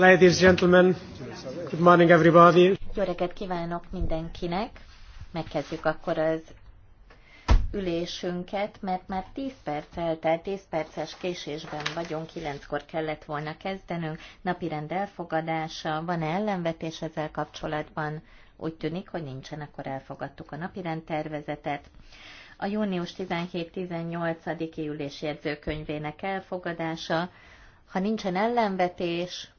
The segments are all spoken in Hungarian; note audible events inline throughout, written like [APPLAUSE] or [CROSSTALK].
Ladies and gentlemen, good morning everybody. Jó reggelt kívánok mindenkinek. Megkezdjük akkor az ülésünket, mert már 10 perc eltelt, 10 perces késésben vagyunk, 9-kor kellett volna kezdenünk. rend elfogadása, van-e ellenvetés ezzel kapcsolatban? Úgy tűnik, hogy nincsen, akkor elfogadtuk a napirend tervezetet a június 17-18-i ülés jegyzőkönyvének elfogadása, ha nincsen ellenvetés,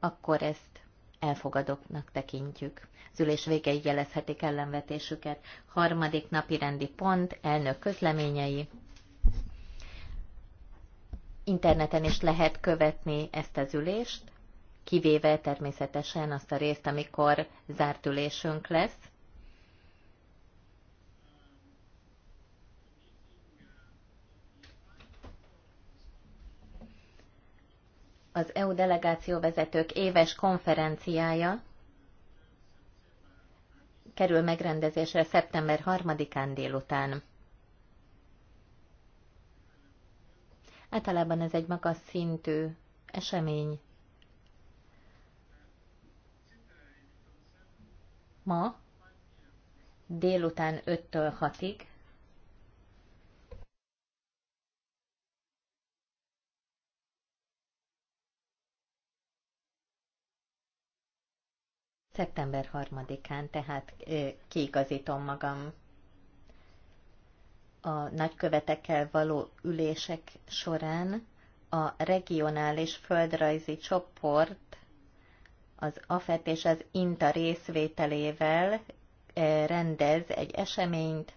akkor ezt elfogadottnak tekintjük. Az ülés végeig jelezhetik ellenvetésüket. Harmadik napi rendi pont, elnök közleményei. Interneten is lehet követni ezt az ülést, kivéve természetesen azt a részt, amikor zárt ülésünk lesz. az EU delegációvezetők éves konferenciája kerül megrendezésre szeptember 3-án délután. Általában ez egy magas szintű esemény. Ma délután 5-től 6-ig Szeptember 3-án, tehát kiigazítom magam. A nagykövetekkel való ülések során a regionális földrajzi csoport az AFET és az INTA részvételével rendez egy eseményt,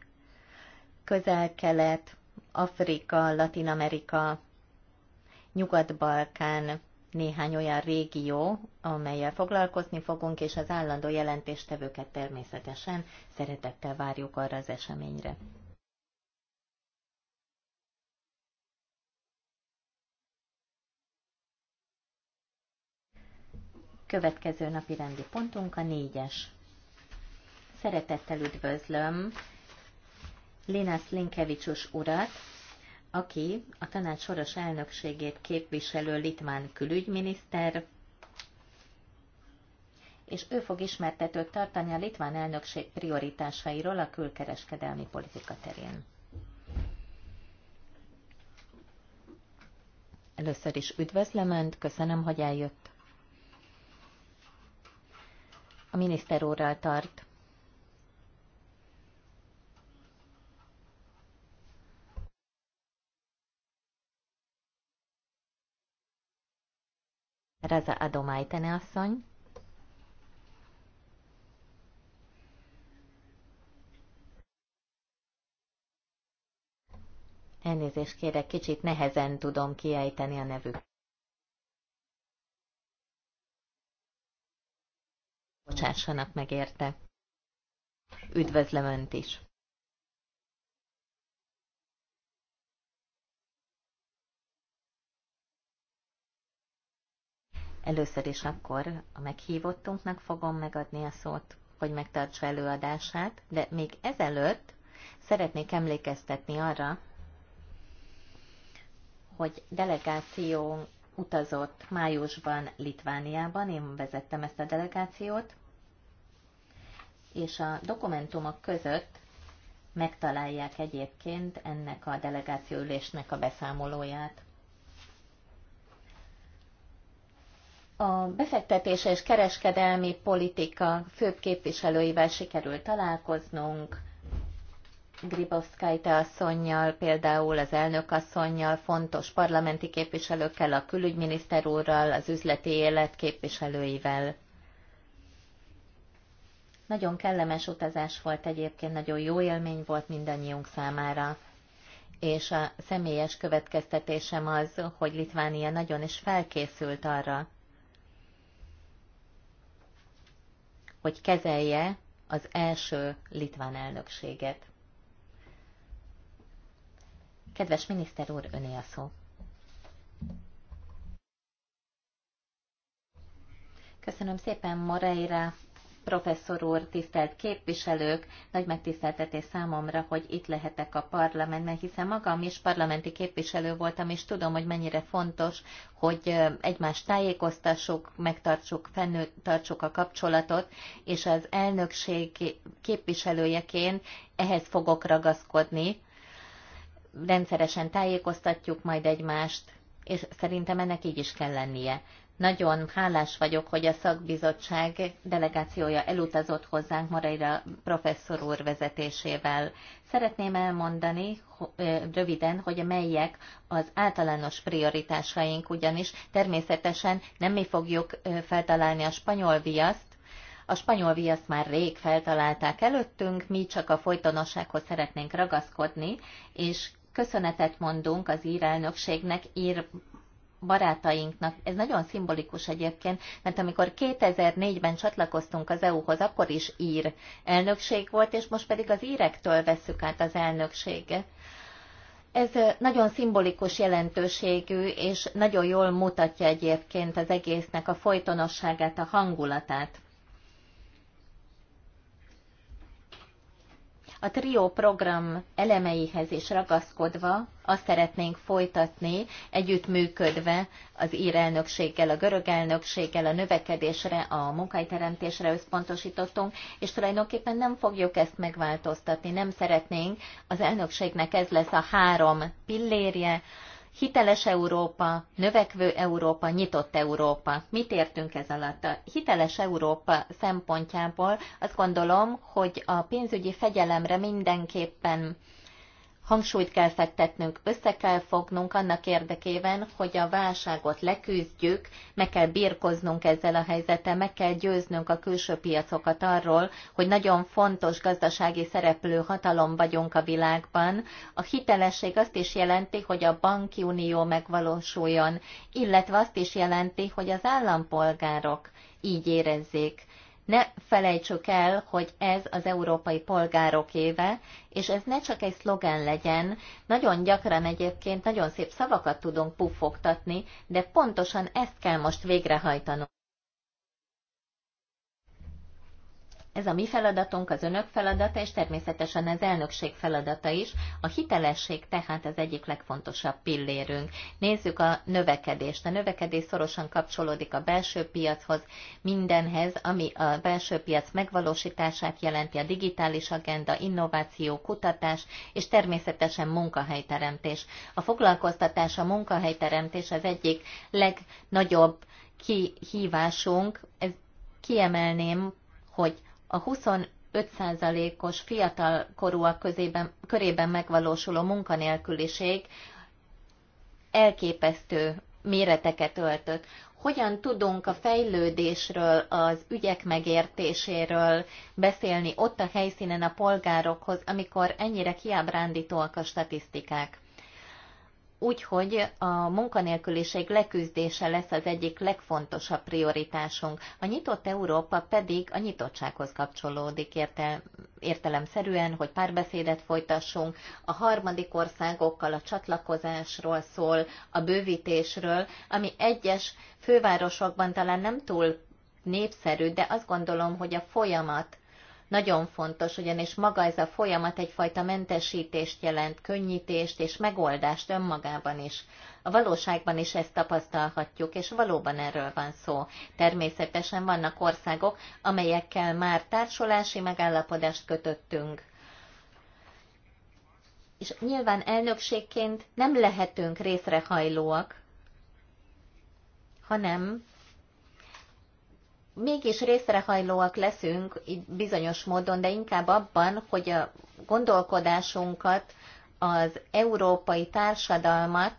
közel-kelet, Afrika, Latin-Amerika, Nyugat-Balkán néhány olyan régió, amelyel foglalkozni fogunk, és az állandó jelentéstevőket természetesen szeretettel várjuk arra az eseményre. Következő napi rendi pontunk a négyes. Szeretettel üdvözlöm Linas Linkevicsus urat, aki a tanács soros elnökségét képviselő litván külügyminiszter, és ő fog ismertetőt tartani a litván elnökség prioritásairól a külkereskedelmi politika terén. Először is üdvözlöm Önt, köszönöm, hogy eljött. A miniszter úrral tart Raza Adomájtene asszony. Elnézést kérek, kicsit nehezen tudom kiejteni a nevük. Bocsássanak meg érte. Üdvözlöm Önt is! Először is akkor a meghívottunknak fogom megadni a szót, hogy megtartsa előadását, de még ezelőtt szeretnék emlékeztetni arra, hogy delegáció utazott májusban Litvániában, én vezettem ezt a delegációt, és a dokumentumok között megtalálják egyébként ennek a delegációülésnek a beszámolóját. a befektetés és kereskedelmi politika főbb képviselőivel sikerült találkoznunk, Gribovszkájte asszonynal, például az elnök asszonynal, fontos parlamenti képviselőkkel, a külügyminiszter úrral, az üzleti élet képviselőivel. Nagyon kellemes utazás volt egyébként, nagyon jó élmény volt mindannyiunk számára. És a személyes következtetésem az, hogy Litvánia nagyon is felkészült arra, hogy kezelje az első litván elnökséget. Kedves miniszter úr, öné a szó. Köszönöm szépen Moreira professzor úr, tisztelt képviselők, nagy megtiszteltetés számomra, hogy itt lehetek a parlamentben, hiszen magam is parlamenti képviselő voltam, és tudom, hogy mennyire fontos, hogy egymást tájékoztassuk, megtartsuk, fenntartsuk a kapcsolatot, és az elnökség képviselőjeként ehhez fogok ragaszkodni. Rendszeresen tájékoztatjuk majd egymást, és szerintem ennek így is kell lennie. Nagyon hálás vagyok, hogy a szakbizottság delegációja elutazott hozzánk Moreira professzor úr vezetésével. Szeretném elmondani röviden, hogy melyek az általános prioritásaink, ugyanis természetesen nem mi fogjuk feltalálni a spanyol viaszt, a spanyol viaszt már rég feltalálták előttünk, mi csak a folytonossághoz szeretnénk ragaszkodni, és köszönetet mondunk az ír elnökségnek, ír barátainknak. Ez nagyon szimbolikus egyébként, mert amikor 2004-ben csatlakoztunk az EU-hoz, akkor is ír elnökség volt, és most pedig az írektől vesszük át az elnökséget. Ez nagyon szimbolikus jelentőségű, és nagyon jól mutatja egyébként az egésznek a folytonosságát, a hangulatát. A trió program elemeihez is ragaszkodva azt szeretnénk folytatni, együttműködve az írelnökséggel, a görög elnökséggel, a növekedésre, a munkahelyteremtésre összpontosítottunk, és tulajdonképpen nem fogjuk ezt megváltoztatni, nem szeretnénk. Az elnökségnek ez lesz a három pillérje, Hiteles Európa, növekvő Európa, nyitott Európa. Mit értünk ez alatt? A hiteles Európa szempontjából azt gondolom, hogy a pénzügyi fegyelemre mindenképpen hangsúlyt kell fektetnünk, össze kell fognunk annak érdekében, hogy a válságot leküzdjük, meg kell birkoznunk ezzel a helyzettel, meg kell győznünk a külső piacokat arról, hogy nagyon fontos gazdasági szereplő hatalom vagyunk a világban. A hitelesség azt is jelenti, hogy a banki unió megvalósuljon, illetve azt is jelenti, hogy az állampolgárok így érezzék, ne felejtsük el, hogy ez az európai polgárok éve, és ez ne csak egy szlogen legyen. Nagyon gyakran egyébként nagyon szép szavakat tudunk puffogtatni, de pontosan ezt kell most végrehajtanunk. Ez a mi feladatunk, az önök feladata, és természetesen az elnökség feladata is. A hitelesség tehát az egyik legfontosabb pillérünk. Nézzük a növekedést. A növekedés szorosan kapcsolódik a belső piachoz, mindenhez, ami a belső piac megvalósítását jelenti, a digitális agenda, innováció, kutatás, és természetesen munkahelyteremtés. A foglalkoztatás, a munkahelyteremtés az egyik legnagyobb kihívásunk. Ez kiemelném, hogy a 25%-os fiatalkorúak közében, körében megvalósuló munkanélküliség elképesztő méreteket öltött. Hogyan tudunk a fejlődésről, az ügyek megértéséről beszélni ott a helyszínen a polgárokhoz, amikor ennyire kiábrándítóak a statisztikák? Úgyhogy a munkanélküliség leküzdése lesz az egyik legfontosabb prioritásunk. A nyitott Európa pedig a nyitottsághoz kapcsolódik érte, értelemszerűen, hogy párbeszédet folytassunk. A harmadik országokkal a csatlakozásról szól, a bővítésről, ami egyes fővárosokban talán nem túl népszerű, de azt gondolom, hogy a folyamat nagyon fontos, ugyanis maga ez a folyamat egyfajta mentesítést jelent, könnyítést és megoldást önmagában is. A valóságban is ezt tapasztalhatjuk, és valóban erről van szó. Természetesen vannak országok, amelyekkel már társulási megállapodást kötöttünk. És nyilván elnökségként nem lehetünk részrehajlóak, hanem mégis részrehajlóak leszünk bizonyos módon, de inkább abban, hogy a gondolkodásunkat, az európai társadalmat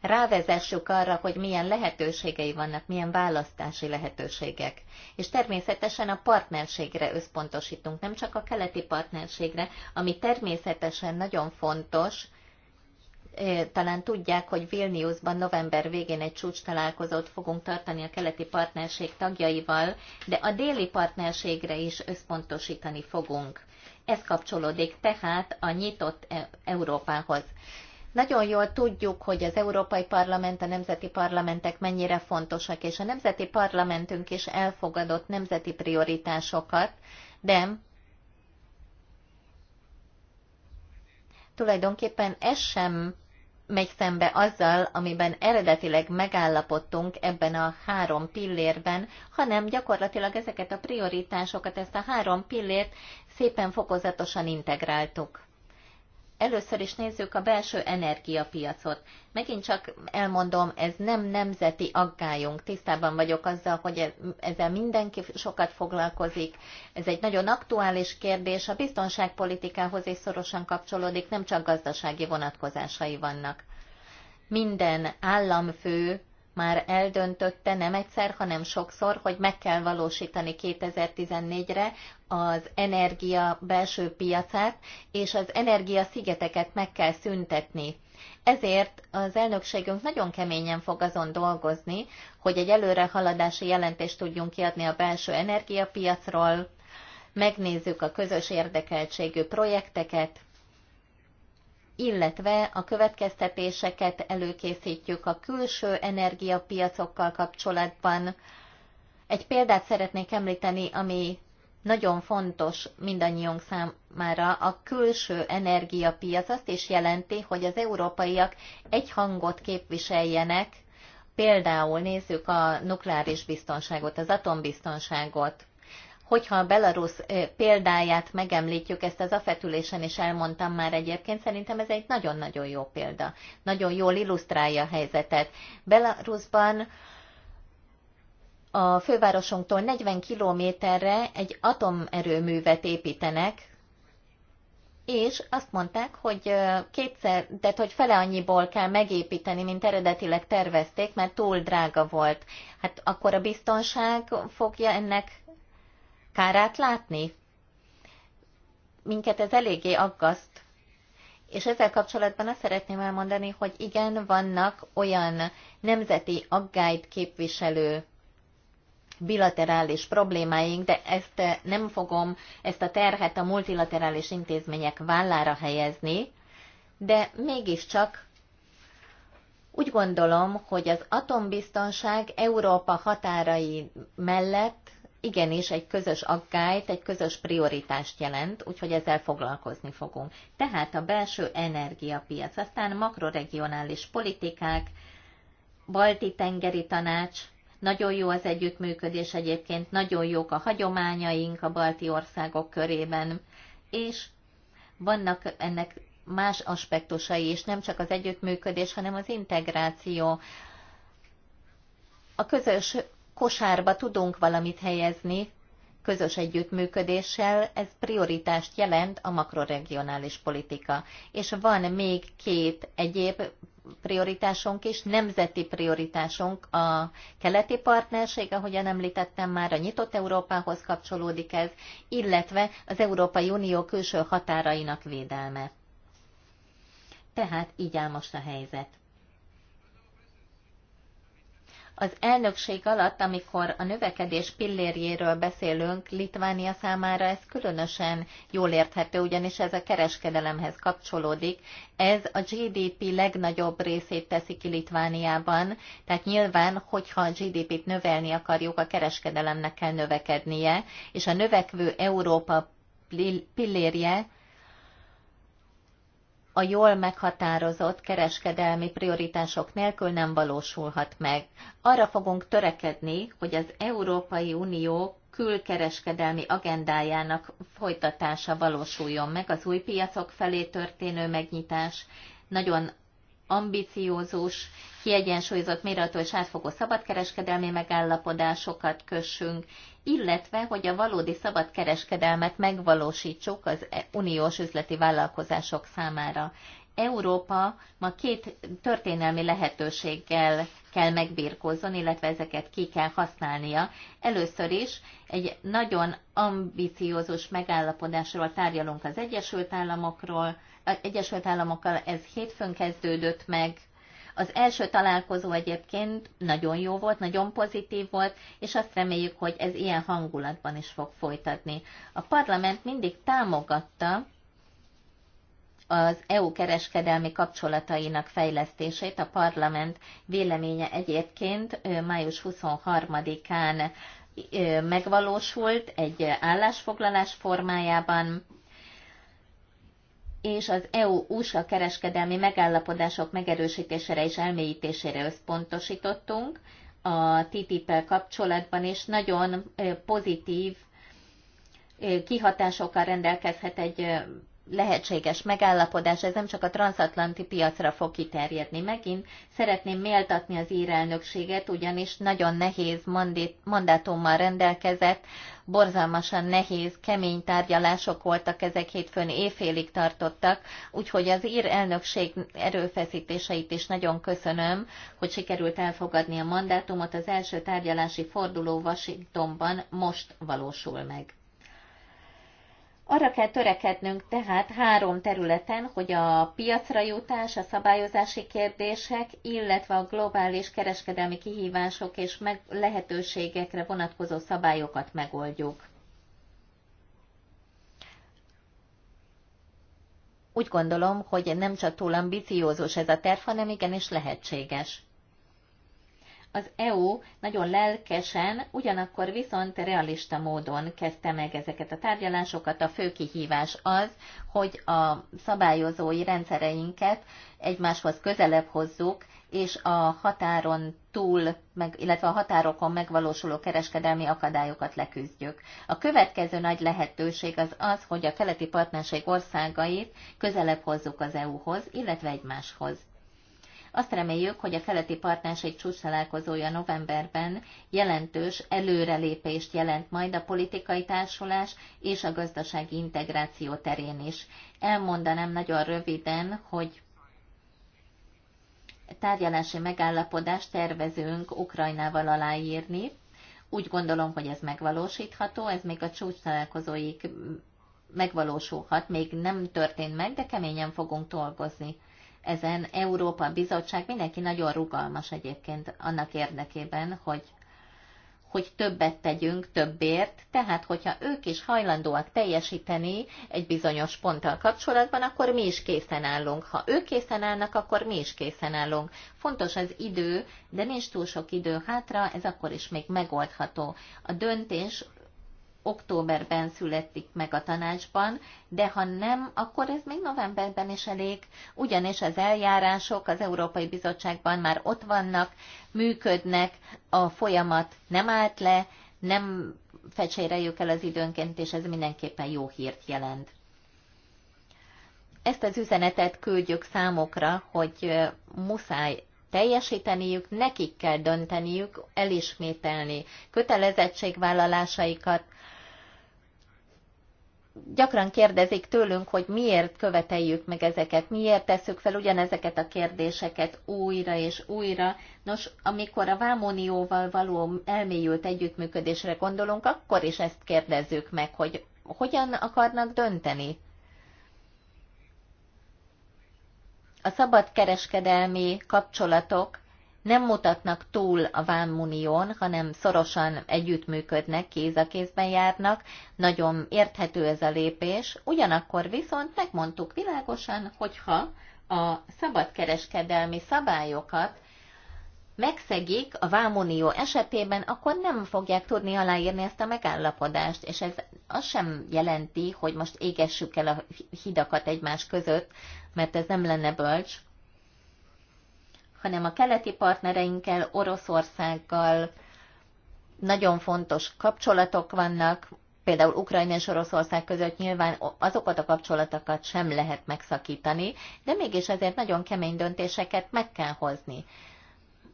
rávezessük arra, hogy milyen lehetőségei vannak, milyen választási lehetőségek. És természetesen a partnerségre összpontosítunk, nem csak a keleti partnerségre, ami természetesen nagyon fontos, talán tudják, hogy Vilniusban november végén egy csúcs találkozót fogunk tartani a keleti partnerség tagjaival, de a déli partnerségre is összpontosítani fogunk. Ez kapcsolódik tehát a nyitott e, Európához. Nagyon jól tudjuk, hogy az Európai Parlament, a nemzeti parlamentek mennyire fontosak, és a nemzeti parlamentünk is elfogadott nemzeti prioritásokat, de tulajdonképpen ez sem megy szembe azzal, amiben eredetileg megállapodtunk ebben a három pillérben, hanem gyakorlatilag ezeket a prioritásokat, ezt a három pillért szépen fokozatosan integráltuk. Először is nézzük a belső energiapiacot. Megint csak elmondom, ez nem nemzeti aggályunk. Tisztában vagyok azzal, hogy ezzel mindenki sokat foglalkozik. Ez egy nagyon aktuális kérdés, a biztonságpolitikához is szorosan kapcsolódik, nem csak gazdasági vonatkozásai vannak. Minden államfő már eldöntötte nem egyszer, hanem sokszor, hogy meg kell valósítani 2014-re az energia belső piacát, és az energia szigeteket meg kell szüntetni. Ezért az elnökségünk nagyon keményen fog azon dolgozni, hogy egy előrehaladási jelentést tudjunk kiadni a belső energiapiacról, megnézzük a közös érdekeltségű projekteket, illetve a következtetéseket előkészítjük a külső energiapiacokkal kapcsolatban. Egy példát szeretnék említeni, ami nagyon fontos mindannyiunk számára. A külső energiapiac azt is jelenti, hogy az európaiak egy hangot képviseljenek, például nézzük a nukleáris biztonságot, az atombiztonságot hogyha a Belarusz példáját megemlítjük, ezt az afetülésen is elmondtam már egyébként, szerintem ez egy nagyon-nagyon jó példa. Nagyon jól illusztrálja a helyzetet. Belarusban a fővárosunktól 40 kilométerre egy atomerőművet építenek, és azt mondták, hogy kétszer, tehát hogy fele annyiból kell megépíteni, mint eredetileg tervezték, mert túl drága volt. Hát akkor a biztonság fogja ennek kárát látni. Minket ez eléggé aggaszt. És ezzel kapcsolatban azt szeretném elmondani, hogy igen, vannak olyan nemzeti aggályt képviselő bilaterális problémáink, de ezt eh, nem fogom, ezt a terhet a multilaterális intézmények vállára helyezni, de mégiscsak úgy gondolom, hogy az atombiztonság Európa határai mellett igenis egy közös aggályt, egy közös prioritást jelent, úgyhogy ezzel foglalkozni fogunk. Tehát a belső energiapiac, aztán makroregionális politikák, balti tengeri tanács, nagyon jó az együttműködés egyébként, nagyon jók a hagyományaink a balti országok körében, és vannak ennek más aspektusai is, nem csak az együttműködés, hanem az integráció, a közös kosárba tudunk valamit helyezni, közös együttműködéssel ez prioritást jelent a makroregionális politika. És van még két egyéb prioritásunk is, nemzeti prioritásunk a keleti partnerség, ahogyan említettem már, a nyitott Európához kapcsolódik ez, illetve az Európai Unió külső határainak védelme. Tehát így áll most a helyzet. Az elnökség alatt, amikor a növekedés pillérjéről beszélünk, Litvánia számára ez különösen jól érthető, ugyanis ez a kereskedelemhez kapcsolódik. Ez a GDP legnagyobb részét teszi ki Litvániában, tehát nyilván, hogyha a GDP-t növelni akarjuk, a kereskedelemnek kell növekednie, és a növekvő Európa pillérje a jól meghatározott kereskedelmi prioritások nélkül nem valósulhat meg. Arra fogunk törekedni, hogy az Európai Unió külkereskedelmi agendájának folytatása valósuljon meg, az új piacok felé történő megnyitás nagyon ambiciózus kiegyensúlyozott méretű és átfogó szabadkereskedelmi megállapodásokat kössünk, illetve hogy a valódi szabadkereskedelmet megvalósítsuk az e- uniós üzleti vállalkozások számára. Európa ma két történelmi lehetőséggel kell megbírkozzon, illetve ezeket ki kell használnia. Először is egy nagyon ambiciózus megállapodásról tárgyalunk az Egyesült, Államokról, az Egyesült Államokkal, ez hétfőn kezdődött meg, az első találkozó egyébként nagyon jó volt, nagyon pozitív volt, és azt reméljük, hogy ez ilyen hangulatban is fog folytatni. A parlament mindig támogatta az EU kereskedelmi kapcsolatainak fejlesztését. A parlament véleménye egyébként május 23-án megvalósult egy állásfoglalás formájában, és az EU-USA kereskedelmi megállapodások megerősítésére és elmélyítésére összpontosítottunk a TTIP-el kapcsolatban, és nagyon pozitív kihatásokkal rendelkezhet egy lehetséges megállapodás, ez nem csak a transatlanti piacra fog kiterjedni megint. Szeretném méltatni az írelnökséget, ugyanis nagyon nehéz mandátummal rendelkezett, borzalmasan nehéz, kemény tárgyalások voltak, ezek hétfőn éjfélig tartottak, úgyhogy az ír elnökség erőfeszítéseit is nagyon köszönöm, hogy sikerült elfogadni a mandátumot, az első tárgyalási forduló Washingtonban most valósul meg. Arra kell törekednünk tehát három területen, hogy a piacra jutás, a szabályozási kérdések, illetve a globális kereskedelmi kihívások és meg lehetőségekre vonatkozó szabályokat megoldjuk. Úgy gondolom, hogy nem csak túl ambiciózus ez a terv, hanem igenis lehetséges az EU nagyon lelkesen, ugyanakkor viszont realista módon kezdte meg ezeket a tárgyalásokat. A fő kihívás az, hogy a szabályozói rendszereinket egymáshoz közelebb hozzuk, és a határon túl, meg, illetve a határokon megvalósuló kereskedelmi akadályokat leküzdjük. A következő nagy lehetőség az az, hogy a keleti partnerség országait közelebb hozzuk az EU-hoz, illetve egymáshoz. Azt reméljük, hogy a keleti partnerség csúcs novemberben jelentős előrelépést jelent majd a politikai társulás és a gazdasági integráció terén is. Elmondanám nagyon röviden, hogy tárgyalási megállapodást tervezünk Ukrajnával aláírni. Úgy gondolom, hogy ez megvalósítható, ez még a csúcs találkozóig megvalósulhat, még nem történt meg, de keményen fogunk dolgozni ezen Európa Bizottság, mindenki nagyon rugalmas egyébként annak érdekében, hogy hogy többet tegyünk többért, tehát hogyha ők is hajlandóak teljesíteni egy bizonyos ponttal kapcsolatban, akkor mi is készen állunk. Ha ők készen állnak, akkor mi is készen állunk. Fontos az idő, de nincs túl sok idő hátra, ez akkor is még megoldható. A döntés októberben születik meg a tanácsban, de ha nem, akkor ez még novemberben is elég, ugyanis az eljárások az Európai Bizottságban már ott vannak, működnek, a folyamat nem állt le, nem fecséreljük el az időnként, és ez mindenképpen jó hírt jelent. Ezt az üzenetet küldjük számokra, hogy muszáj teljesíteniük, nekik kell dönteniük, elismételni kötelezettségvállalásaikat, gyakran kérdezik tőlünk, hogy miért követeljük meg ezeket, miért tesszük fel ugyanezeket a kérdéseket újra és újra. Nos, amikor a vámonióval való elmélyült együttműködésre gondolunk, akkor is ezt kérdezzük meg, hogy hogyan akarnak dönteni. A szabadkereskedelmi kapcsolatok nem mutatnak túl a Vámunión, hanem szorosan együttműködnek, kéz a kézben járnak, nagyon érthető ez a lépés. Ugyanakkor viszont megmondtuk világosan, hogyha a szabadkereskedelmi szabályokat megszegik a Vámunió esetében, akkor nem fogják tudni aláírni ezt a megállapodást, és ez azt sem jelenti, hogy most égessük el a hidakat egymás között, mert ez nem lenne bölcs, hanem a keleti partnereinkkel, Oroszországgal nagyon fontos kapcsolatok vannak, például Ukrajna és Oroszország között nyilván azokat a kapcsolatokat sem lehet megszakítani, de mégis azért nagyon kemény döntéseket meg kell hozni.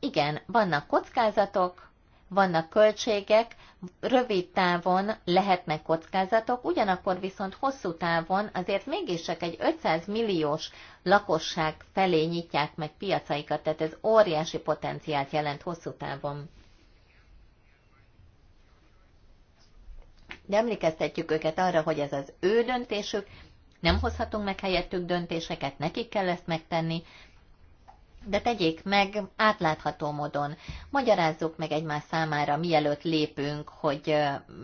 Igen, vannak kockázatok, vannak költségek, rövid távon lehetnek kockázatok, ugyanakkor viszont hosszú távon azért mégis csak egy 500 milliós lakosság felé nyitják meg piacaikat, tehát ez óriási potenciált jelent hosszú távon. De emlékeztetjük őket arra, hogy ez az ő döntésük, nem hozhatunk meg helyettük döntéseket, nekik kell ezt megtenni, de tegyék meg átlátható módon. Magyarázzuk meg egymás számára, mielőtt lépünk, hogy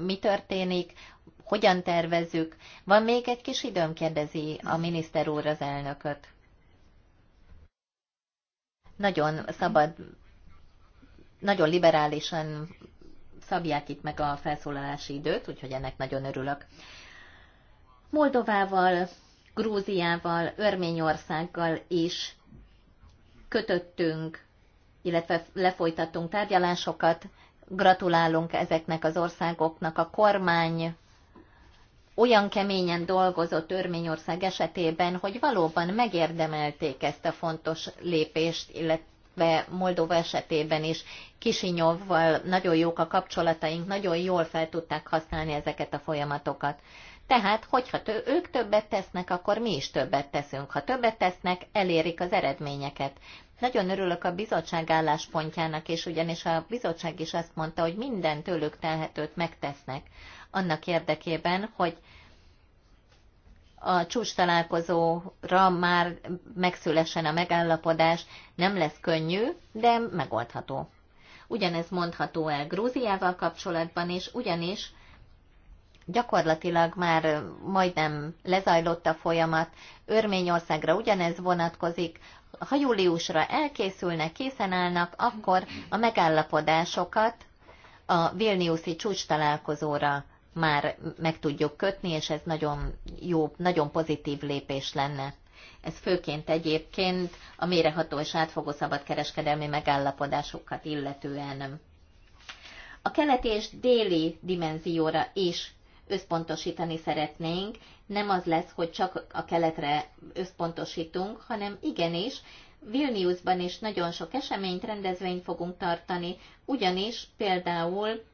mi történik, hogyan tervezzük. Van még egy kis időm, kérdezi a miniszter úr az elnököt. Nagyon szabad, nagyon liberálisan szabják itt meg a felszólalási időt, úgyhogy ennek nagyon örülök. Moldovával, Grúziával, Örményországgal is kötöttünk, illetve lefolytattunk tárgyalásokat. Gratulálunk ezeknek az országoknak. A kormány olyan keményen dolgozott Örményország esetében, hogy valóban megérdemelték ezt a fontos lépést, illetve Moldova esetében is. Kisinyovval nagyon jók a kapcsolataink, nagyon jól fel tudták használni ezeket a folyamatokat. Tehát, hogyha tő, ők többet tesznek, akkor mi is többet teszünk. Ha többet tesznek, elérik az eredményeket. Nagyon örülök a bizottság álláspontjának, és ugyanis a bizottság is azt mondta, hogy minden tőlük telhetőt megtesznek annak érdekében, hogy a csúcs találkozóra már megszülessen a megállapodás, nem lesz könnyű, de megoldható. Ugyanez mondható el Grúziával kapcsolatban is, ugyanis gyakorlatilag már majdnem lezajlott a folyamat, Örményországra ugyanez vonatkozik, ha júliusra elkészülnek, készen állnak, akkor a megállapodásokat a Vilniuszi csúcs találkozóra már meg tudjuk kötni, és ez nagyon jó, nagyon pozitív lépés lenne. Ez főként egyébként a méreható és átfogó szabadkereskedelmi megállapodásokat illetően. A keleti és déli dimenzióra is összpontosítani szeretnénk, nem az lesz, hogy csak a keletre összpontosítunk, hanem igenis Vilniusban is nagyon sok eseményt, rendezvényt fogunk tartani, ugyanis például,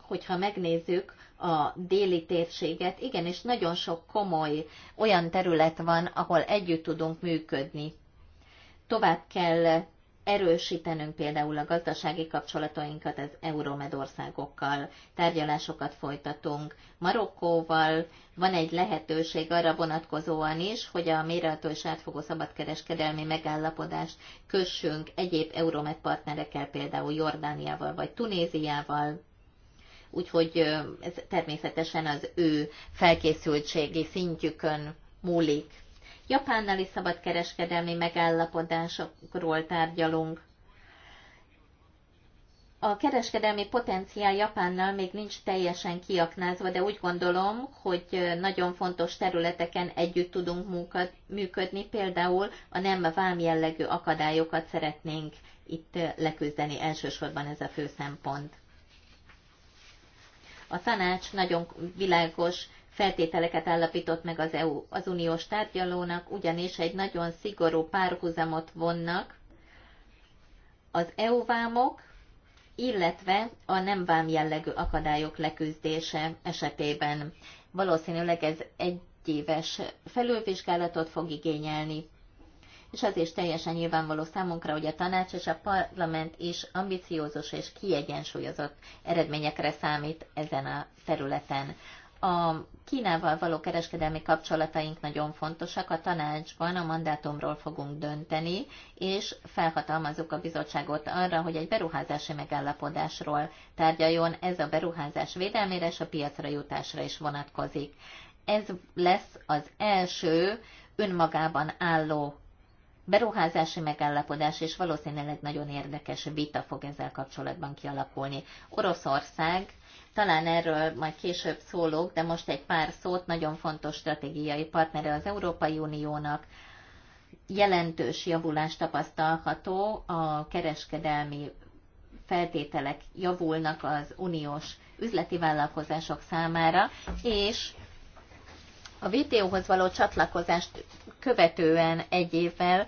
hogyha megnézzük a déli térséget, igenis nagyon sok komoly olyan terület van, ahol együtt tudunk működni. Tovább kell erősítenünk például a gazdasági kapcsolatainkat az Euromed országokkal, tárgyalásokat folytatunk Marokkóval, van egy lehetőség arra vonatkozóan is, hogy a méreható és átfogó szabadkereskedelmi megállapodást kössünk egyéb Euromed partnerekkel, például Jordániával vagy Tunéziával, úgyhogy ez természetesen az ő felkészültségi szintjükön múlik. Japánnal is szabadkereskedelmi megállapodásokról tárgyalunk. A kereskedelmi potenciál Japánnal még nincs teljesen kiaknázva, de úgy gondolom, hogy nagyon fontos területeken együtt tudunk működni, például a nem vámjellegű akadályokat szeretnénk itt leküzdeni, elsősorban ez a fő szempont. A tanács nagyon világos feltételeket állapított meg az EU az uniós tárgyalónak, ugyanis egy nagyon szigorú párhuzamot vonnak az EU vámok, illetve a nem vám jellegű akadályok leküzdése esetében. Valószínűleg ez egy éves felülvizsgálatot fog igényelni. És az is teljesen nyilvánvaló számunkra, hogy a tanács és a parlament is ambiciózus és kiegyensúlyozott eredményekre számít ezen a területen. A Kínával való kereskedelmi kapcsolataink nagyon fontosak, a tanácsban a mandátumról fogunk dönteni, és felhatalmazzuk a bizottságot arra, hogy egy beruházási megállapodásról tárgyaljon, ez a beruházás védelmére és a piacra jutásra is vonatkozik. Ez lesz az első önmagában álló beruházási megállapodás, és valószínűleg nagyon érdekes vita fog ezzel kapcsolatban kialakulni. Oroszország talán erről majd később szólok, de most egy pár szót, nagyon fontos stratégiai partnere az Európai Uniónak. Jelentős javulást tapasztalható, a kereskedelmi feltételek javulnak az uniós üzleti vállalkozások számára, és a WTO-hoz való csatlakozást követően egy évvel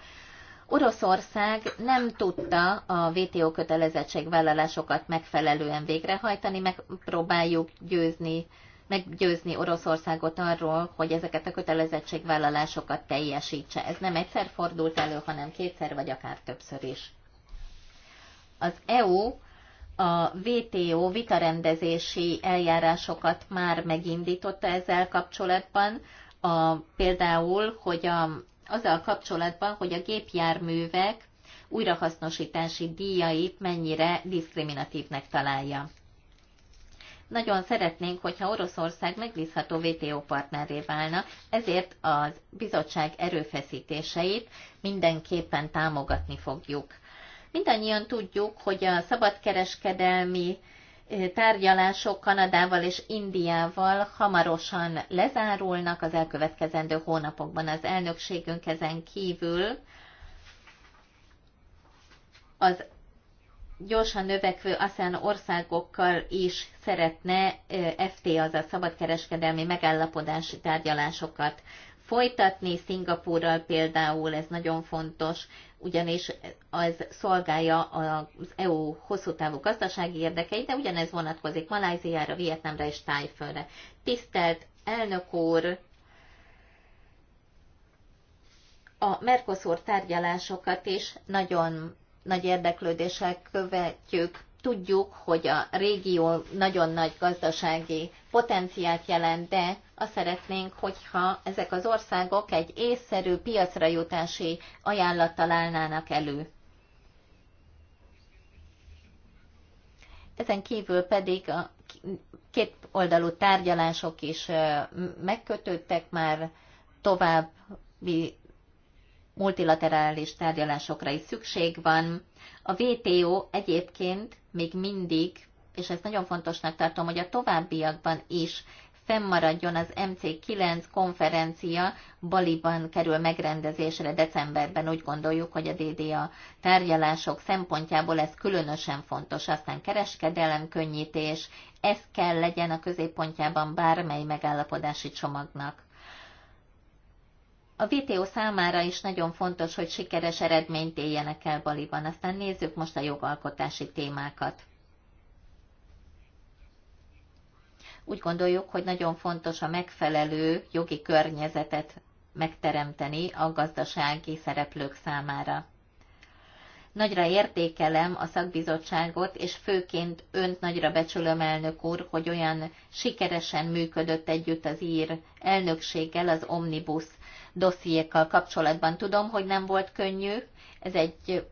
Oroszország nem tudta a WTO kötelezettségvállalásokat megfelelően végrehajtani, megpróbáljuk győzni, meggyőzni Oroszországot arról, hogy ezeket a kötelezettségvállalásokat teljesítse. Ez nem egyszer fordult elő, hanem kétszer vagy akár többször is. Az EU a VTO vitarendezési eljárásokat már megindította ezzel kapcsolatban, a, például, hogy a azzal kapcsolatban, hogy a gépjárművek újrahasznosítási díjait mennyire diszkriminatívnek találja. Nagyon szeretnénk, hogyha Oroszország megbízható WTO partnerré válna, ezért az bizottság erőfeszítéseit mindenképpen támogatni fogjuk. Mindannyian tudjuk, hogy a szabadkereskedelmi tárgyalások Kanadával és Indiával hamarosan lezárulnak az elkövetkezendő hónapokban az elnökségünk ezen kívül. Az gyorsan növekvő ASEAN országokkal is szeretne FT, azaz szabadkereskedelmi megállapodási tárgyalásokat folytatni, Szingapúrral például ez nagyon fontos, ugyanis az szolgálja az EU hosszú távú gazdasági érdekeit, de ugyanez vonatkozik Maláziára, Vietnámra és Tájföldre. Tisztelt elnök úr, a Mercosur tárgyalásokat is nagyon nagy érdeklődéssel követjük. Tudjuk, hogy a régió nagyon nagy gazdasági potenciált jelent, de azt szeretnénk, hogyha ezek az országok egy észszerű piacra jutási ajánlattal állnának elő. Ezen kívül pedig a két oldalú tárgyalások is megkötődtek már, további multilaterális tárgyalásokra is szükség van. A WTO egyébként még mindig, és ezt nagyon fontosnak tartom, hogy a továbbiakban is fennmaradjon az MC9 konferencia, Baliban kerül megrendezésre decemberben. Úgy gondoljuk, hogy a DDA tárgyalások szempontjából ez különösen fontos. Aztán kereskedelem, könnyítés, ez kell legyen a középpontjában bármely megállapodási csomagnak. A VTO számára is nagyon fontos, hogy sikeres eredményt éljenek el Baliban. Aztán nézzük most a jogalkotási témákat. Úgy gondoljuk, hogy nagyon fontos a megfelelő jogi környezetet megteremteni a gazdasági szereplők számára. Nagyra értékelem a szakbizottságot, és főként önt nagyra becsülöm, elnök úr, hogy olyan sikeresen működött együtt az ír elnökséggel az Omnibus dossziékkal kapcsolatban. Tudom, hogy nem volt könnyű, ez egy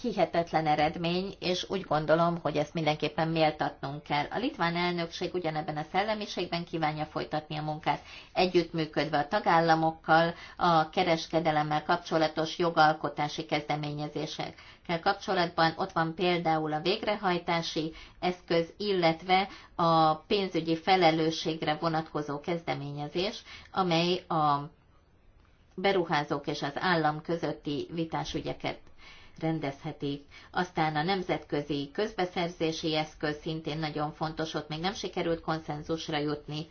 hihetetlen eredmény, és úgy gondolom, hogy ezt mindenképpen méltatnunk kell. A litván elnökség ugyanebben a szellemiségben kívánja folytatni a munkát, együttműködve a tagállamokkal, a kereskedelemmel kapcsolatos jogalkotási kezdeményezések kapcsolatban. Ott van például a végrehajtási eszköz, illetve a pénzügyi felelősségre vonatkozó kezdeményezés, amely a beruházók és az állam közötti vitásügyeket rendezheti. Aztán a nemzetközi közbeszerzési eszköz szintén nagyon fontos, ott még nem sikerült konszenzusra jutni.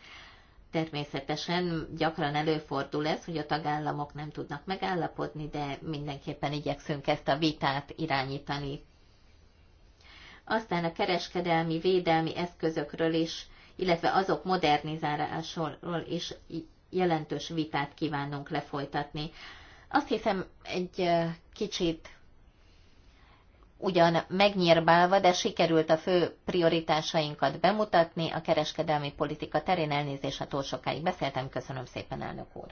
Természetesen gyakran előfordul ez, hogy a tagállamok nem tudnak megállapodni, de mindenképpen igyekszünk ezt a vitát irányítani. Aztán a kereskedelmi, védelmi eszközökről is, illetve azok modernizálásáról is jelentős vitát kívánunk lefolytatni. Azt hiszem, egy eh, kicsit ugyan megnyírbálva, de sikerült a fő prioritásainkat bemutatni a kereskedelmi politika terén. elnézése túl sokáig beszéltem. Köszönöm szépen, elnök úr.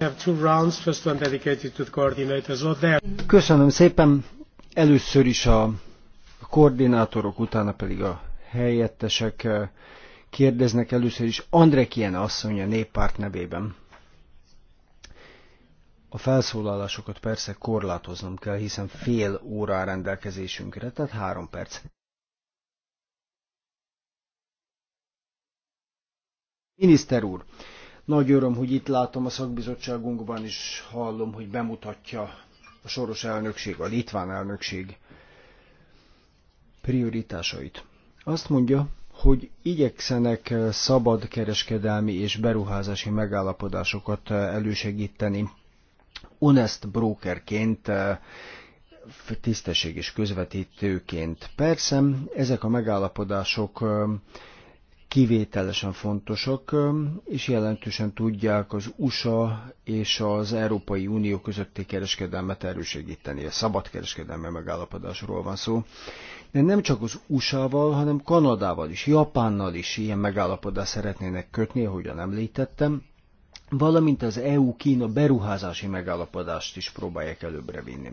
Köszönöm szépen. Először is a koordinátorok, utána pedig a helyettesek eh, kérdeznek először is. André Kien asszony a néppárt nevében. A felszólalásokat persze korlátoznom kell, hiszen fél órá rendelkezésünkre, tehát három perc. Miniszter úr, nagy öröm, hogy itt látom a szakbizottságunkban, és hallom, hogy bemutatja a soros elnökség, a litván elnökség prioritásait. Azt mondja, hogy igyekszenek eh, szabad kereskedelmi és beruházási megállapodásokat eh, elősegíteni honest brokerként, eh, tisztességes közvetítőként. Persze, ezek a megállapodások eh, kivételesen fontosak, eh, és jelentősen tudják az USA és az Európai Unió közötti kereskedelmet erősegíteni. A szabadkereskedelmi megállapodásról van szó. De nem csak az USA-val, hanem Kanadával is, Japánnal is ilyen megállapodást szeretnének kötni, ahogyan említettem valamint az EU-Kína beruházási megállapodást is próbálják előbbre vinni.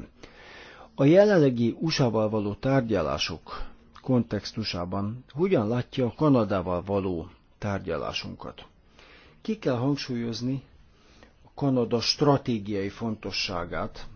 A jelenlegi USA-val való tárgyalások kontextusában hogyan látja a Kanadával való tárgyalásunkat? Ki kell hangsúlyozni a Kanada stratégiai fontosságát,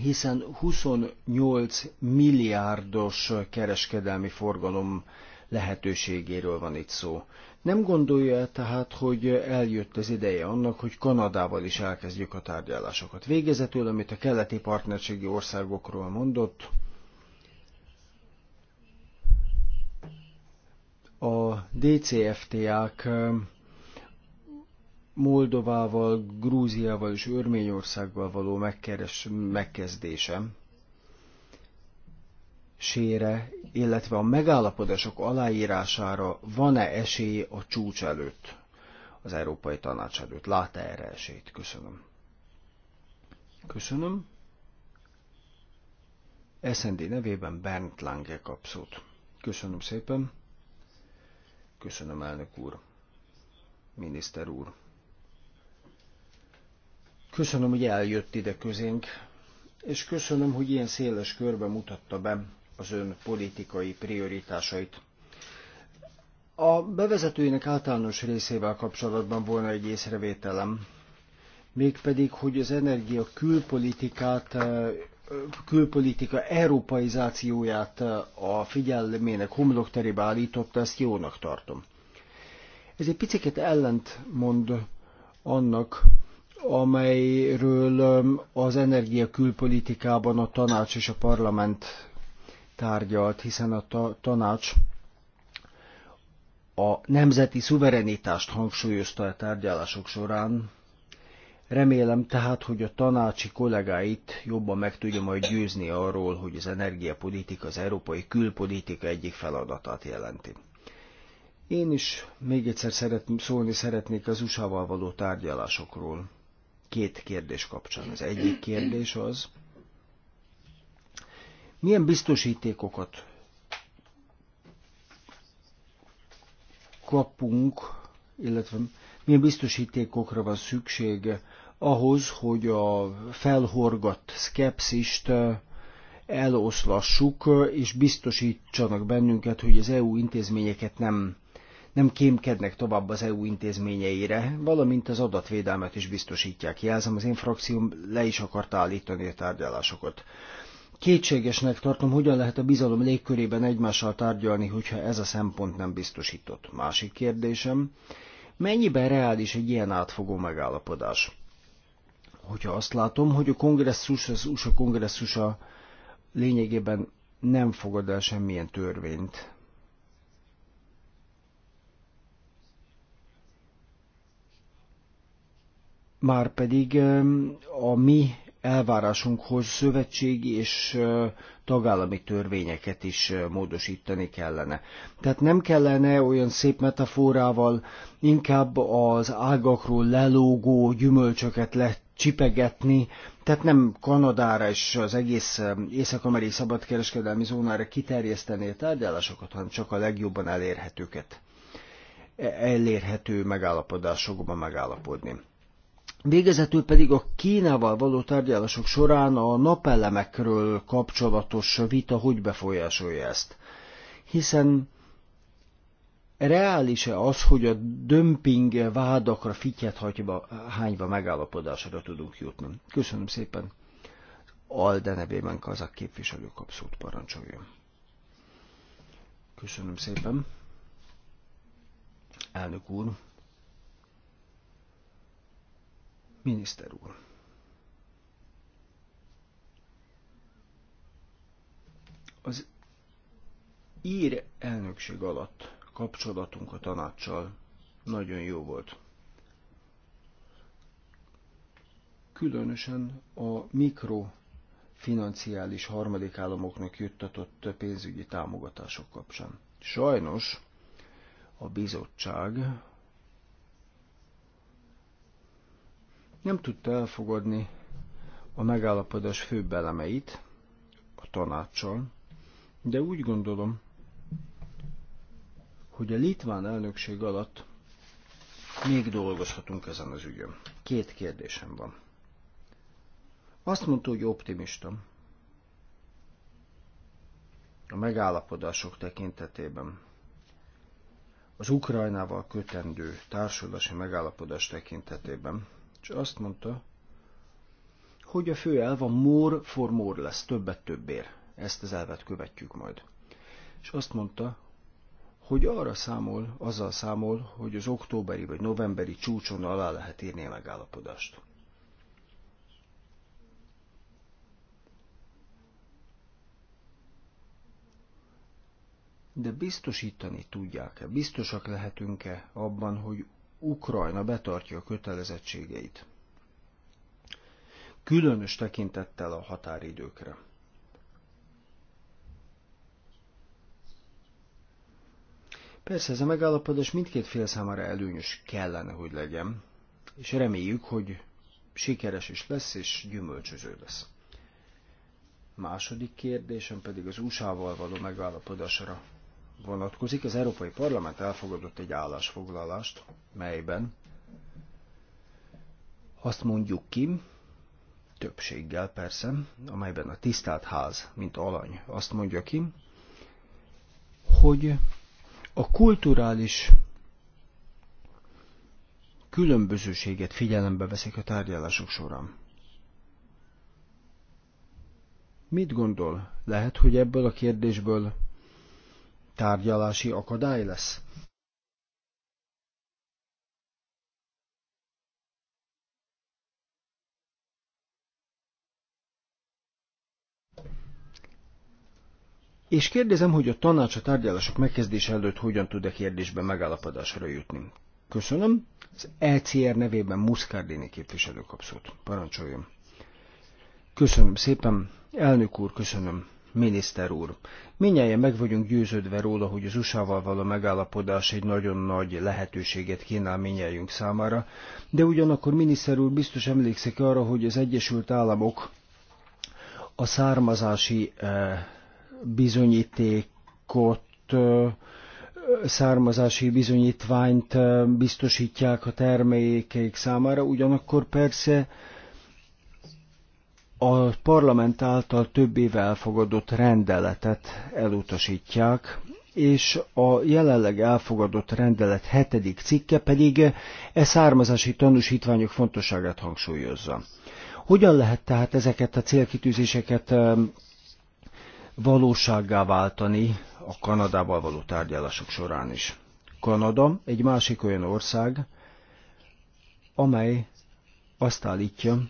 hiszen 28 milliárdos kereskedelmi forgalom lehetőségéről van itt szó. Nem gondolja tehát, hogy eljött az ideje annak, hogy Kanadával is elkezdjük a tárgyalásokat. Végezetül, amit a keleti partnerségi országokról mondott, a DCFTA-k Moldovával, Grúziával és Örményországgal való megkezdése sére, illetve a megállapodások aláírására van-e esély a csúcs előtt, az Európai Tanács előtt? Lát-e erre esélyt? Köszönöm. Köszönöm. SND nevében Bernd Lange kapszót. Köszönöm szépen. Köszönöm, elnök úr. Miniszter úr. Köszönöm, hogy eljött ide közénk, és köszönöm, hogy ilyen széles körbe mutatta be az ön politikai prioritásait. A bevezetőjének általános részével kapcsolatban volna egy észrevételem, mégpedig, hogy az energia külpolitikát, külpolitika európaizációját a figyelmének homlokterébe állította, ezt jónak tartom. Ez egy picit mond annak, amelyről az energia külpolitikában a tanács és a parlament tárgyalt, hiszen a ta tanács a nemzeti szuverenitást hangsúlyozta a tárgyalások során. Remélem tehát, hogy a tanácsi kollégáit jobban meg tudja majd győzni arról, hogy az energiapolitika az európai külpolitika egyik feladatát jelenti. Én is még egyszer szeret, szólni szeretnék az USA-val való tárgyalásokról. Két kérdés kapcsán. Az egyik kérdés az, milyen biztosítékokat kapunk, illetve milyen biztosítékokra van szükség ahhoz, hogy a felhorgott szkepszist eh, eloszlassuk, és biztosítsanak bennünket, hogy az EU intézményeket nem, nem kémkednek tovább az EU intézményeire, valamint az adatvédelmet is biztosítják. Jelzem, az én frakcióm le is akart állítani a tárgyalásokat. Kétségesnek tartom, hogyan lehet a bizalom légkörében egymással tárgyalni, hogyha ez a szempont nem biztosított. Másik kérdésem, mennyiben reális egy ilyen átfogó megállapodás? Hogyha azt látom, hogy a kongresszus, az USA kongresszusa lényegében nem fogad el semmilyen törvényt, már pedig a mi elvárásunkhoz szövetségi és tagállami törvényeket is módosítani kellene. Tehát nem kellene olyan szép metaforával inkább az ágakról lelógó gyümölcsöket lett csipegetni, tehát nem Kanadára és az egész észak-amerikai szabadkereskedelmi zónára kiterjeszteni a tárgyalásokat, hanem csak a legjobban elérhetőket, e, elérhető megállapodásokban megállapodni. Végezetül pedig a Kínával való tárgyalások során a napelemekről kapcsolatos vita hogy befolyásolja ezt. Hiszen reális-e az, hogy a dömping vádakra fityet hagyva, hányva megállapodásra tudunk jutni? Köszönöm szépen. Alde nevében kazak képviselő kapszót parancsoljon. Köszönöm szépen. Elnök úr, Miniszter úr. Az ír elnökség alatt kapcsolatunk a tanácssal nagyon jó volt. Különösen a mikrofinanciális harmadik államoknak juttatott pénzügyi támogatások kapcsán. Sajnos a bizottság nem tudta elfogadni a megállapodás főbb elemeit, a tanácssal, de úgy gondolom, hogy a litván elnökség alatt még dolgozhatunk ezen az ügyön. Két kérdésem van. Azt mondta, hogy optimista. A megállapodások tekintetében. Az Ukrajnával kötendő társulási megállapodás tekintetében és azt mondta, hogy a fő elv a more for more lesz, többet többér. Ezt az elvet követjük majd. És azt mondta, hogy arra számol, azzal számol, hogy az októberi vagy novemberi csúcson alá lehet írni a megállapodást. De biztosítani tudják-e, biztosak lehetünk-e abban, hogy Ukrajna betartja a kötelezettségeit. Különös tekintettel a határidőkre. Persze ez a megállapodás mindkét fél számára előnyös kellene, hogy legyen, és reméljük, hogy sikeres is lesz, és gyümölcsöző lesz. Második kérdésem pedig az USA-val való megállapodásra vonatkozik. Az Európai Parlament elfogadott egy állásfoglalást, melyben azt mondjuk ki, többséggel persze, amelyben a tisztelt ház, mint alany, azt mondja ki, hogy a kulturális különbözőséget figyelembe veszik a tárgyalások során. Mit gondol? Lehet, hogy ebből a kérdésből tárgyalási akadály lesz? És kérdezem, hogy a tanács a tárgyalások megkezdése előtt hogyan tud a kérdésben megállapodásra jutni. Köszönöm. Az ECR nevében Muszkárdéni képviselő kapszót. Parancsoljon. Köszönöm szépen. Elnök úr, köszönöm. Miniszter úr, minnyáján meg vagyunk győződve róla, hogy az USA-val való megállapodás egy nagyon nagy lehetőséget kínál minnyájunk számára, de ugyanakkor miniszter úr biztos emlékszik arra, hogy az Egyesült Államok a származási eh, bizonyítékot eh, származási bizonyítványt eh, biztosítják a termékeik számára, ugyanakkor persze a parlament által több éve elfogadott rendeletet elutasítják, és a jelenleg elfogadott rendelet hetedik cikke pedig e származási tanúsítványok fontosságát hangsúlyozza. Hogyan lehet tehát ezeket a célkitűzéseket valósággá váltani a Kanadával való tárgyalások során is? Kanada egy másik olyan ország, amely azt állítja,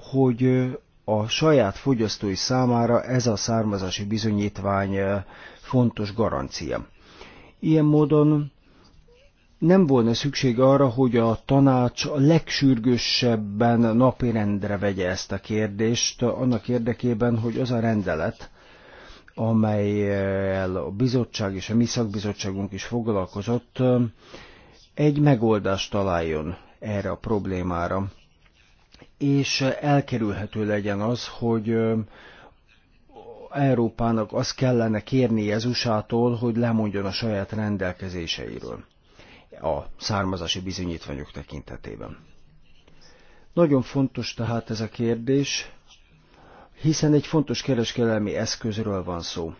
hogy a saját fogyasztói számára ez a származási bizonyítvány fontos garancia. Ilyen módon nem volna szükség arra, hogy a tanács a legsürgősebben napirendre vegye ezt a kérdést, annak érdekében, hogy az a rendelet, amelyel a bizottság és a mi szakbizottságunk is foglalkozott, egy megoldást találjon erre a problémára és elkerülhető legyen az, hogy Európának azt kellene kérni Jézusától, hogy lemondjon a saját rendelkezéseiről a származási bizonyítványok tekintetében. Nagyon fontos tehát ez a kérdés, hiszen egy fontos kereskedelmi eszközről van szó.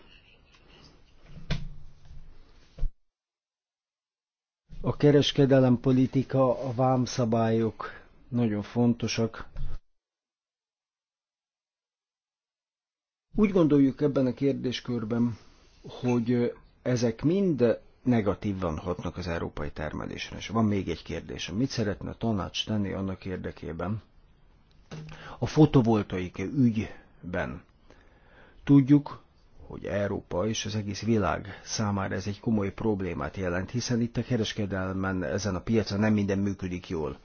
A kereskedelem politika a vámszabályok nagyon fontosak. Úgy gondoljuk ebben a kérdéskörben, hogy ezek mind negatívan hatnak az európai termelésre. És van még egy kérdésem. Mit szeretne tanács tenni annak érdekében? A fotovoltaik ügyben tudjuk, hogy Európa és az egész világ számára ez egy komoly problémát jelent, hiszen itt a kereskedelmen ezen a piacon nem minden működik jól.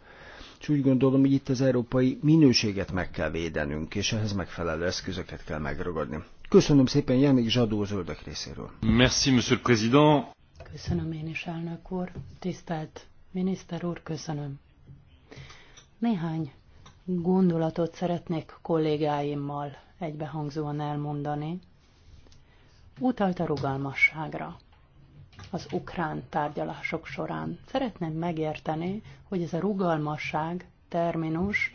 És úgy gondolom, hogy itt az európai minőséget meg kell védenünk, és ehhez megfelelő eszközöket kell megragadni. Köszönöm szépen Jánik Zsadó zöldek részéről. Merci, monsieur le président. Köszönöm én is, elnök úr. Tisztelt miniszter úr, köszönöm. Néhány gondolatot szeretnék kollégáimmal egybehangzóan elmondani. Utalt a rugalmasságra az ukrán tárgyalások során. Szeretném megérteni, hogy ez a rugalmasság terminus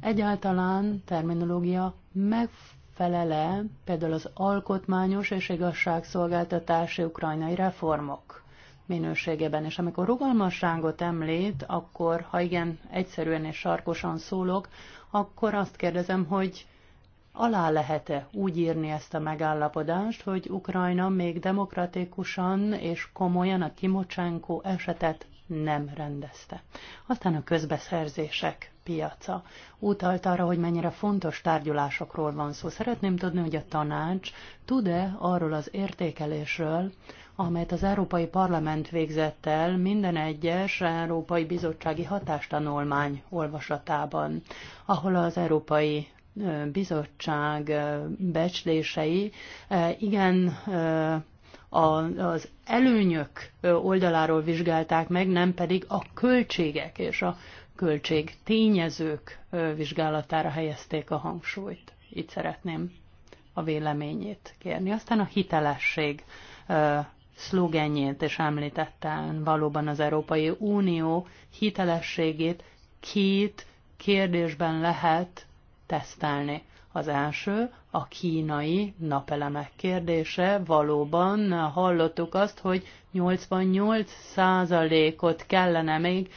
egyáltalán terminológia megfelele például az alkotmányos és igazságszolgáltatási ukrajnai reformok minőségében. És amikor rugalmasságot említ, akkor, ha igen, egyszerűen és sarkosan szólok, akkor azt kérdezem, hogy alá lehet-e úgy írni ezt a megállapodást, hogy Ukrajna még demokratikusan és komolyan a Timocsenko esetet nem rendezte. Aztán a közbeszerzések piaca. Utalt arra, hogy mennyire fontos tárgyalásokról van szó. Szeretném tudni, hogy a tanács tud-e arról az értékelésről, amelyet az Európai Parlament végzett el minden egyes Európai Bizottsági Hatástanulmány olvasatában, ahol az Európai bizottság becslései igen az előnyök oldaláról vizsgálták meg, nem pedig a költségek és a költség tényezők vizsgálatára helyezték a hangsúlyt. Itt szeretném a véleményét kérni. Aztán a hitelesség szlogenjét és említettem valóban az Európai Unió hitelességét két kérdésben lehet tesztelni. Az első, a kínai napelemek kérdése. Valóban hallottuk azt, hogy 88%-ot kellene még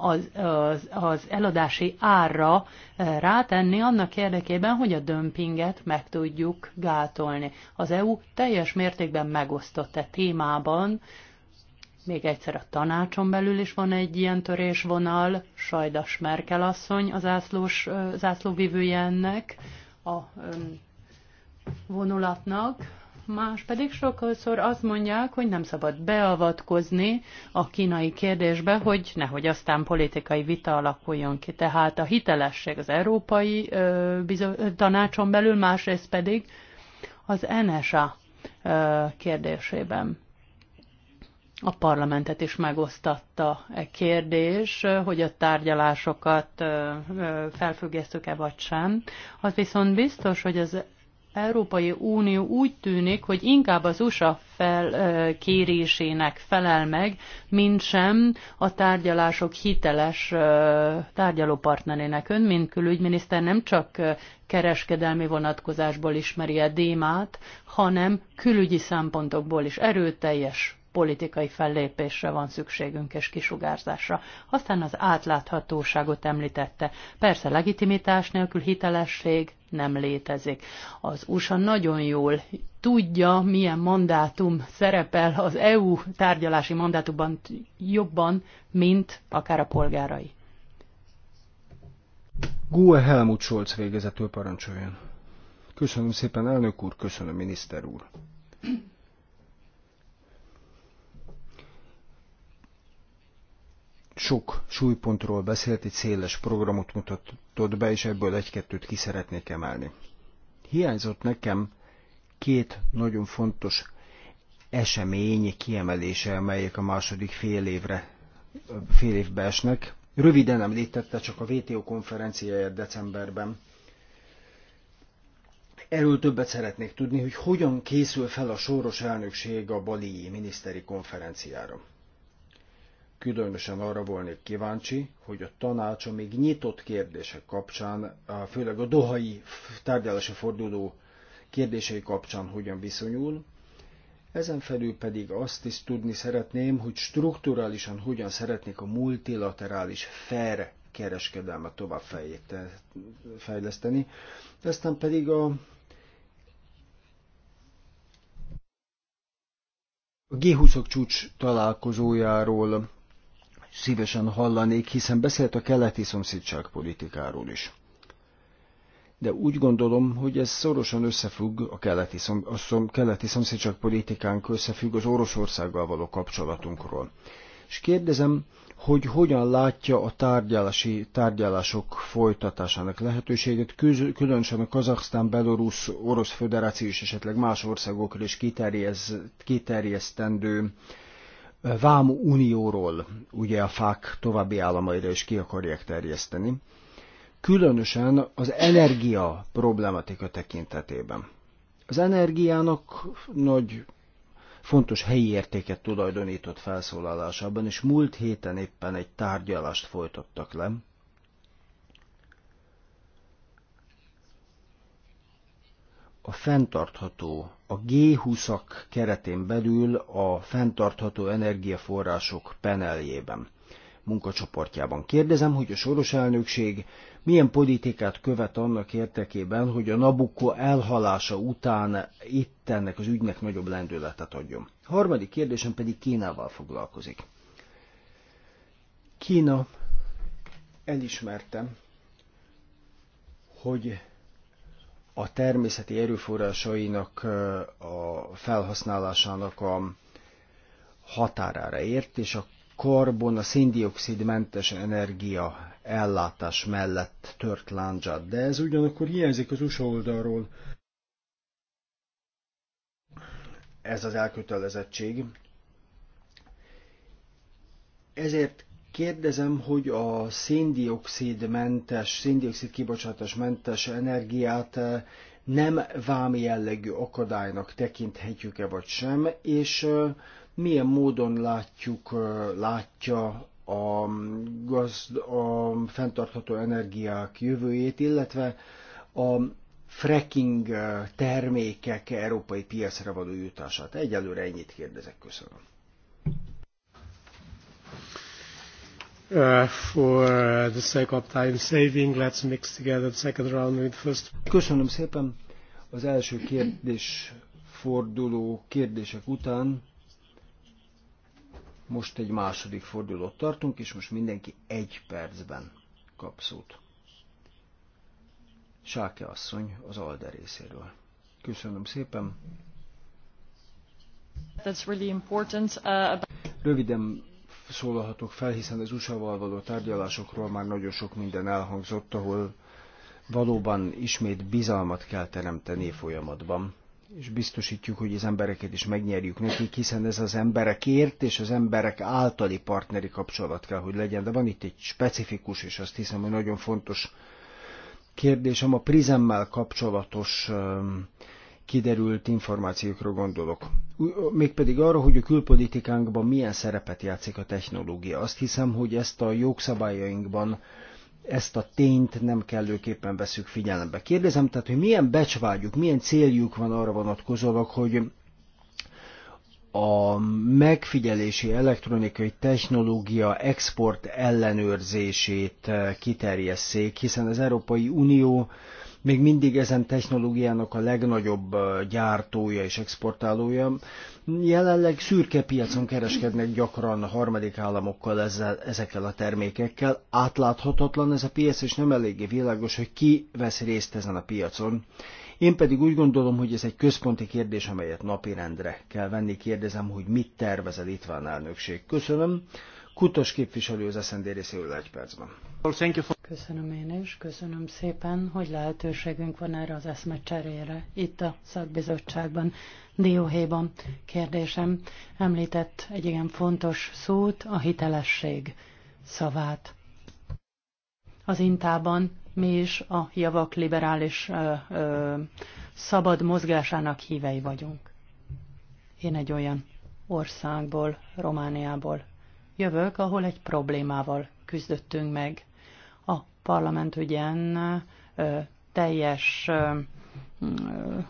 az, az, az eladási árra rátenni annak érdekében, hogy a dömpinget meg tudjuk gátolni. Az EU teljes mértékben megosztott e témában, még egyszer a tanácson belül is van egy ilyen törésvonal, sajdas Merkel asszony az zászlós, zászlóvivője ennek a vonulatnak, más pedig sokszor azt mondják, hogy nem szabad beavatkozni a kínai kérdésbe, hogy nehogy aztán politikai vita alakuljon ki. Tehát a hitelesség az Európai ö, bizo- Tanácson belül, másrészt pedig az NSA ö, kérdésében. A parlamentet is megosztatta e kérdés, hogy a tárgyalásokat felfüggesztük-e vagy sem. Az viszont biztos, hogy az Európai Unió úgy tűnik, hogy inkább az USA felkérésének felel meg, mint sem a tárgyalások hiteles tárgyalópartnerének. Ön, mint külügyminiszter nem csak kereskedelmi vonatkozásból ismeri a démát, hanem külügyi szempontokból is erőteljes politikai fellépésre van szükségünk és kisugárzásra. Aztán az átláthatóságot említette. Persze legitimitás nélkül hitelesség nem létezik. Az USA nagyon jól tudja, milyen mandátum szerepel az EU tárgyalási mandátumban jobban, mint akár a polgárai. Gue Helmut Scholz végezetül parancsoljon. Köszönöm szépen, elnök úr, köszönöm, miniszter úr. sok súlypontról beszélt, egy széles programot mutatott be, és ebből egy-kettőt ki szeretnék emelni. Hiányzott nekem két nagyon fontos esemény kiemelése, amelyek a második fél évre, fél évbe esnek. Röviden említette csak a VTO konferenciáját decemberben. Erről többet szeretnék tudni, hogy hogyan készül fel a soros elnökség a balii miniszteri konferenciára különösen arra volnék kíváncsi, hogy a tanácsa még nyitott kérdések kapcsán, főleg a dohai tárgyalási forduló kérdései kapcsán hogyan viszonyul. Ezen felül pedig azt is tudni szeretném, hogy strukturálisan hogyan szeretnék a multilaterális fair kereskedelmet tovább fejleszteni. Aztán pedig a a G20 csúcs találkozójáról szívesen hallanék, hiszen beszélt a keleti politikáról is. De úgy gondolom, hogy ez szorosan összefügg a keleti, szom, a szom, keleti politikánk összefügg az Oroszországgal való kapcsolatunkról. És kérdezem, hogy hogyan látja a tárgyalási tárgyalások folytatásának lehetőségét, különösen a Kazaksztán, Belarus, Orosz Föderáció és esetleg más országokra is kiterjesztendő Vám Unióról, ugye a fák további államaira is ki akarják terjeszteni, különösen az energia problematika tekintetében. Az energiának nagy fontos helyi értéket tulajdonított felszólalásában, és múlt héten éppen egy tárgyalást folytattak le, a fenntartható, a G20-ak keretén belül a fenntartható energiaforrások paneljében munkacsoportjában. Kérdezem, hogy a soros elnökség milyen politikát követ annak értekében, hogy a Nabucco elhalása után itt ennek az ügynek nagyobb lendületet adjon. A harmadik kérdésem pedig Kínával foglalkozik. Kína elismerte, hogy a természeti erőforrásainak a felhasználásának a határára ért, és a karbon, a széndiokszidmentes energia ellátás mellett tört láncsát, de ez ugyanakkor hiányzik az USA oldalról. Ez az elkötelezettség. Ezért Kérdezem, hogy a széndiokszidmentes, széndiokszid mentes energiát eh, nem vám jellegű akadálynak tekinthetjük-e vagy sem, és eh, milyen módon látjuk, eh, látja a, mm, gazd, a fenntartható energiák jövőjét, illetve a fracking termékek európai piacra való jutását. Egyelőre ennyit kérdezek, köszönöm. Uh, for the sake of time saving, let's mix together the second round with first. Köszönöm szépen. Az első kérdés forduló kérdések után most egy második fordulót tartunk, és most mindenki egy percben kap szót. Sáke asszony az Alde részéről. Köszönöm szépen. That's really important. Uh, Röviden szólalhatok fel, hiszen az USA-val való tárgyalásokról már nagyon sok minden elhangzott, ahol valóban ismét bizalmat kell teremteni folyamatban és biztosítjuk, hogy az embereket is megnyerjük nekik, hiszen ez az emberekért és az emberek általi partneri kapcsolat kell, hogy legyen. De van itt egy specifikus, és azt hiszem, hogy nagyon fontos kérdésem a prizemmel kapcsolatos kiderült információkra gondolok. Mégpedig arra, hogy a külpolitikánkban milyen szerepet játszik a technológia. Azt hiszem, hogy ezt a jogszabályainkban ezt a tényt nem kellőképpen veszük figyelembe. Kérdezem tehát, hogy milyen becsvágyuk, milyen céljuk van arra vonatkozólag, hogy a megfigyelési elektronikai technológia export ellenőrzését kiterjesszék, hiszen az Európai Unió még mindig ezen technológiának a legnagyobb gyártója és exportálója. Jelenleg szürke piacon kereskednek gyakran a harmadik államokkal ezzel, ezekkel a termékekkel. Átláthatatlan ez a piac, és nem eléggé világos, hogy ki vesz részt ezen a piacon. Én pedig úgy gondolom, hogy ez egy központi kérdés, amelyet napirendre kell venni. Kérdezem, hogy mit tervez a litván elnökség. Köszönöm. Kutas képviselő az SZND részéről egy percben. Köszönöm én is, köszönöm szépen, hogy lehetőségünk van erre az cserére itt a szakbizottságban, Dióhéjban. Kérdésem, említett egy igen fontos szót, a hitelesség szavát. Az Intában mi is a javak liberális ö, ö, szabad mozgásának hívei vagyunk. Én egy olyan országból, Romániából jövök, ahol egy problémával küzdöttünk meg parlament ugyan teljes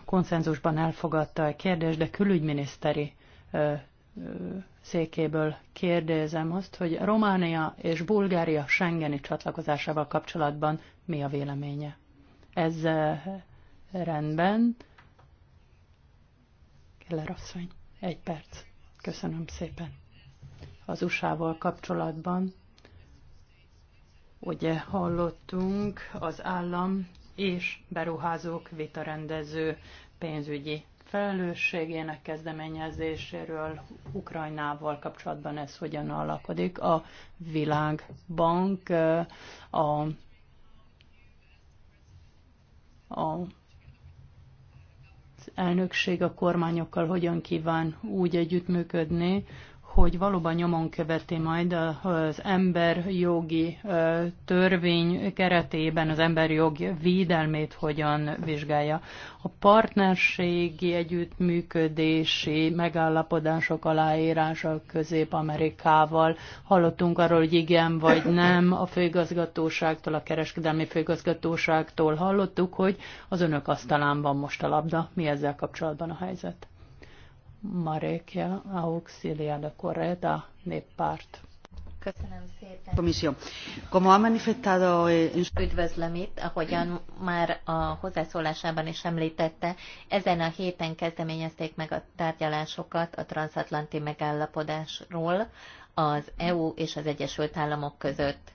konszenzusban elfogadta a kérdést, de külügyminiszteri székéből kérdezem azt, hogy Románia és Bulgária Schengeni csatlakozásával kapcsolatban mi a véleménye? Ez rendben. Keller asszony, egy perc. Köszönöm szépen. Az USA-val kapcsolatban Ugye hallottunk az állam és beruházók vitarendező pénzügyi felelősségének kezdeményezéséről Ukrajnával kapcsolatban ez hogyan alakodik. A Világbank a, a elnökség a kormányokkal hogyan kíván úgy együttműködni, hogy valóban nyomon követi majd az emberjogi törvény keretében az emberjog védelmét hogyan vizsgálja. A partnerségi együttműködési megállapodások aláírása Közép-Amerikával hallottunk arról, hogy igen vagy nem, a főigazgatóságtól, a kereskedelmi főigazgatóságtól hallottuk, hogy az önök asztalán van most a labda. Mi ezzel kapcsolatban a helyzet? Marekja Auxilia de Correda néppárt. Köszönöm szépen. Komisszió. Como ha manifestado... Eh, Üdvözlöm itt, ahogyan már a hozzászólásában is említette, ezen a héten kezdeményezték meg a tárgyalásokat a transatlanti megállapodásról az EU és az Egyesült Államok között.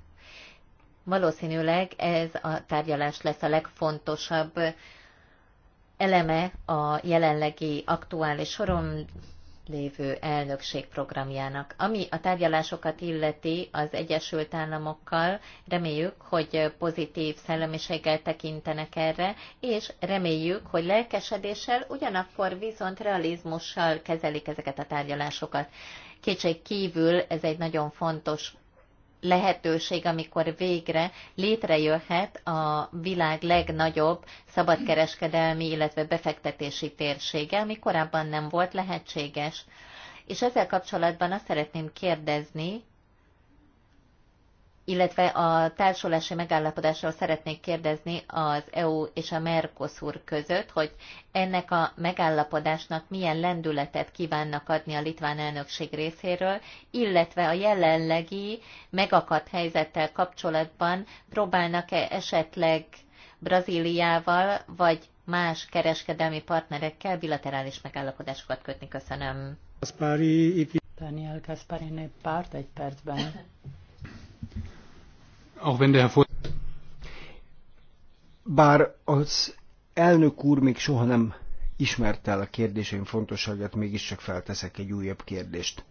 Valószínűleg ez a tárgyalás lesz a legfontosabb eleme a jelenlegi aktuális soron lévő elnökség programjának. Ami a tárgyalásokat illeti az Egyesült Államokkal, reméljük, hogy pozitív szellemiséggel tekintenek erre, és reméljük, hogy lelkesedéssel, ugyanakkor viszont realizmussal kezelik ezeket a tárgyalásokat. Kétség kívül ez egy nagyon fontos lehetőség, amikor végre létrejöhet a világ legnagyobb szabadkereskedelmi, illetve befektetési térsége, ami korábban nem volt lehetséges. És ezzel kapcsolatban azt szeretném kérdezni, illetve a társulási megállapodásról szeretnék kérdezni az EU és a Mercosur között, hogy ennek a megállapodásnak milyen lendületet kívánnak adni a litván elnökség részéről, illetve a jelenlegi megakadt helyzettel kapcsolatban próbálnak-e esetleg Brazíliával vagy más kereskedelmi partnerekkel bilaterális megállapodásokat kötni. Köszönöm. Daniel Kaspari párt egy percben. [COUGHS] Auch wenn der Herr Vor Bár az elnök úr még soha nem ismerte el a kérdéseim fontosságát, mégiscsak felteszek egy újabb kérdést.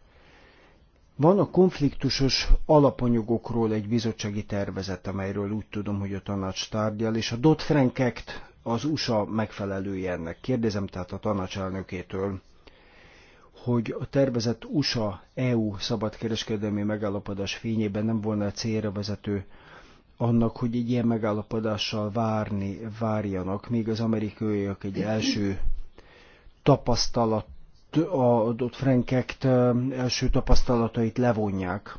Van a konfliktusos alapanyagokról egy bizottsági tervezet, amelyről úgy tudom, hogy a tanács tárgyal, és a Dodd-Frank Act az USA megfelelője ennek. Kérdezem tehát a tanács elnökétől, hogy a tervezett USA-EU szabadkereskedelmi megállapodás fényében nem volna a célra vezető, annak, hogy egy ilyen megállapodással várni, várjanak, még az amerikaiak egy első tapasztalat, a adott frankekt első tapasztalatait levonják.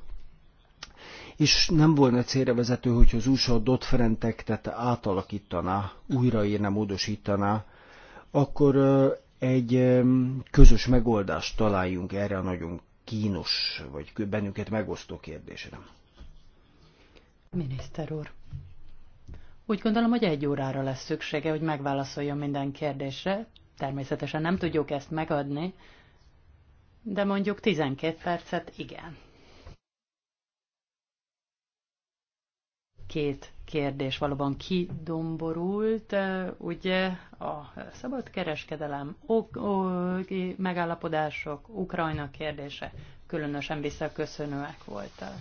És nem volna célra vezető, hogy az USA dot frentektet átalakítaná, újraírna, módosítaná, akkor egy közös megoldást találjunk erre a nagyon kínos, vagy bennünket megosztó kérdésre. Miniszter úr, úgy gondolom, hogy egy órára lesz szüksége, hogy megválaszoljon minden kérdésre. Természetesen nem tudjuk ezt megadni, de mondjuk 12 percet igen. Két kérdés valóban kidomborult, eh, ugye a szabadkereskedelem, megállapodások, Ukrajna kérdése különösen visszaköszönőek voltak.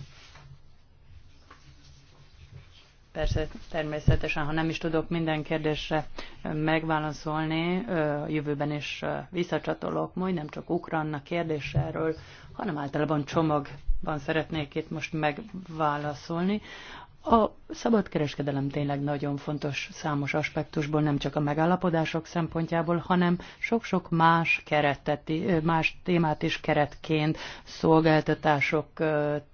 Persze, természetesen, ha nem is tudok minden kérdésre megválaszolni, a jövőben is visszacsatolok, majd nem csak Ukranna kérdéséről, hanem általában csomagban szeretnék itt most megválaszolni. A szabadkereskedelem tényleg nagyon fontos számos aspektusból, nem csak a megállapodások szempontjából, hanem sok-sok más, keretet, más témát is keretként, szolgáltatások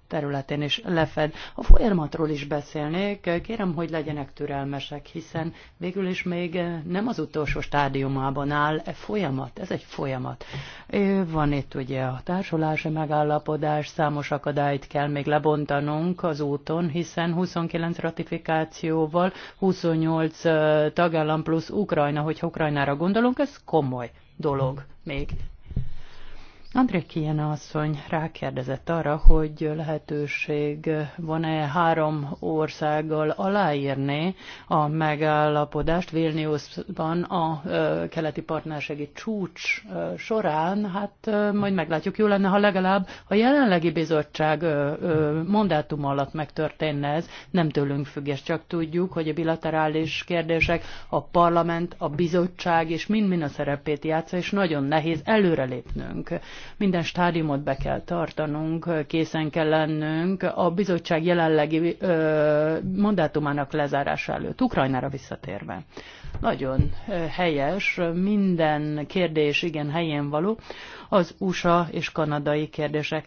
területén is lefed. A folyamatról is beszélnék, kérem, hogy legyenek türelmesek, hiszen végül is még nem az utolsó stádiumában áll e folyamat, ez egy folyamat. Van itt ugye a társulási megállapodás, számos akadályt kell még lebontanunk az úton, hiszen 29 ratifikációval 28 tagállam plusz Ukrajna, hogyha Ukrajnára gondolunk, ez komoly dolog még. André Kiena asszony rákérdezett arra, hogy lehetőség van-e három országgal aláírni a megállapodást Vilniuszban a keleti partnerségi csúcs során. Hát majd meglátjuk, jó lenne, ha legalább a jelenlegi bizottság mandátum alatt megtörténne ez. Nem tőlünk függ, és csak tudjuk, hogy a bilaterális kérdések, a parlament, a bizottság és mind-mind a szerepét játsza, és nagyon nehéz előrelépnünk minden stádiumot be kell tartanunk, készen kell lennünk a bizottság jelenlegi ö, mandátumának lezárása előtt, Ukrajnára visszatérve. Nagyon helyes, minden kérdés igen helyén való, az USA és kanadai kérdések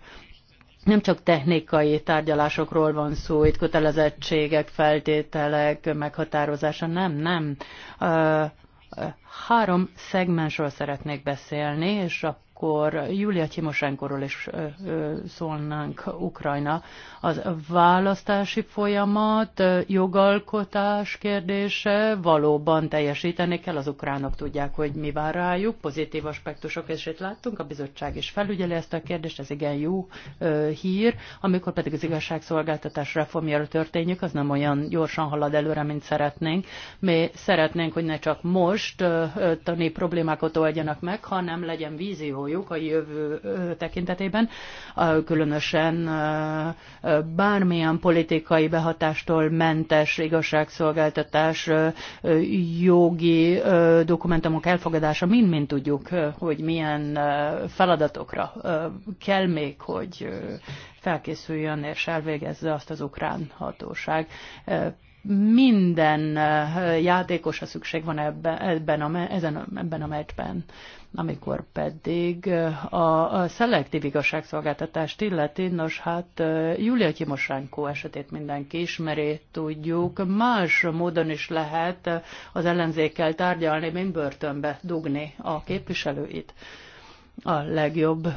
nem csak technikai tárgyalásokról van szó, itt kötelezettségek, feltételek meghatározása, nem, nem. Három szegmensről szeretnék beszélni, és a akkor Julia Timosenkorról is szólnánk Ukrajna. Az választási folyamat, jogalkotás kérdése valóban teljesíteni kell, az ukránok tudják, hogy mi vár rájuk, pozitív aspektusok, és itt láttunk, a bizottság is felügyeli ezt a kérdést, ez igen jó hír, amikor pedig az igazságszolgáltatás reformjára történik, az nem olyan gyorsan halad előre, mint szeretnénk. Mi szeretnénk, hogy ne csak most tani problémákat oldjanak meg, hanem legyen vízió gondoljuk a jövő tekintetében, különösen bármilyen politikai behatástól mentes igazságszolgáltatás, jogi dokumentumok elfogadása, mind-mind tudjuk, hogy milyen feladatokra kell még, hogy felkészüljön és elvégezze azt az ukrán hatóság minden játékosa szükség van ebben, ebben a, ezen, ebben a meccsben. Amikor pedig eh, a, a szelektív igazságszolgáltatást illeti, nos hát eh, Julia Timosánkó esetét mindenki ismeri, tudjuk, más módon is lehet eh, az ellenzékkel tárgyalni, mint börtönbe dugni a képviselőit a legjobb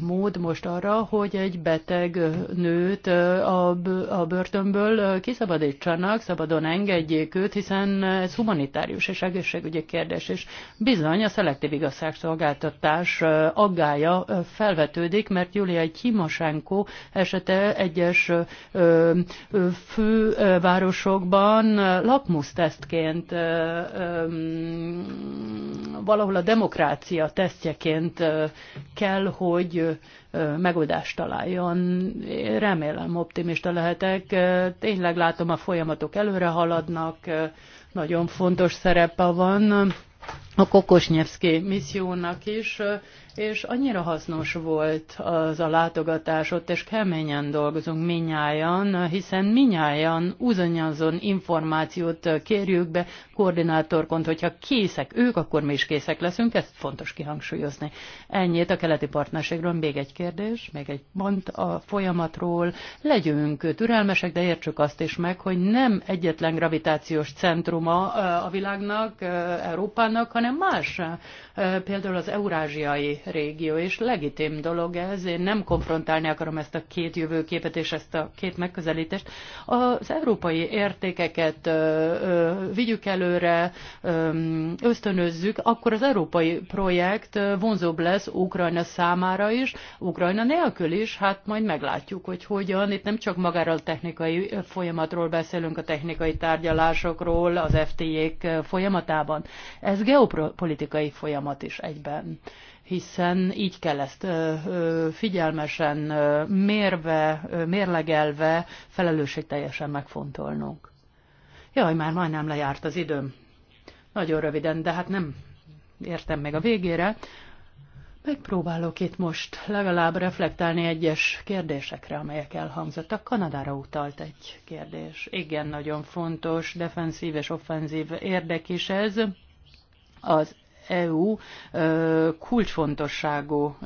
mód most arra, hogy egy beteg nőt a börtönből kiszabadítsanak, szabadon engedjék őt, hiszen ez humanitárius és egészségügyi kérdés, és bizony a szelektív igazságszolgáltatás aggája felvetődik, mert Julia Kimosenko esete egyes fővárosokban lakmusztesztként, valahol a demokrácia tesztjeként kell, hogy megoldást találjon. Remélem, optimista lehetek. Tényleg látom, a folyamatok előre haladnak, nagyon fontos szerepe van a Kokosnyevszki missziónak is, és annyira hasznos volt az a látogatás ott, és keményen dolgozunk minnyáján, hiszen minnyáján uzonyazon információt kérjük be koordinátorkont, hogyha készek ők, akkor mi is készek leszünk, ezt fontos kihangsúlyozni. Ennyit a keleti partnerségről, még egy kérdés, még egy pont a folyamatról. Legyünk türelmesek, de értsük azt is meg, hogy nem egyetlen gravitációs centruma a világnak, Európának, hanem más, eh, például az eurázsiai régió, és legitim dolog ez, én nem konfrontálni akarom ezt a két jövőképet és ezt a két megközelítést. Az európai értékeket eh, eh, vigyük előre, ösztönözzük, akkor az európai projekt vonzóbb lesz Ukrajna számára is, Ukrajna nélkül is, hát majd meglátjuk, hogy hogyan. Itt nem csak magáról a technikai folyamatról beszélünk, a technikai tárgyalásokról, az FTA-k folyamatában. Ez geopolitikai geopolitikai folyamat is egyben hiszen így kell ezt figyelmesen, mérve, mérlegelve, felelősségteljesen megfontolnunk. Jaj, már majdnem lejárt az időm. Nagyon röviden, de hát nem értem meg a végére. Megpróbálok itt most legalább reflektálni egyes kérdésekre, amelyek elhangzottak. Kanadára utalt egy kérdés. Igen, nagyon fontos, defenszív és offenzív érdek is ez az EU kulcsfontosságú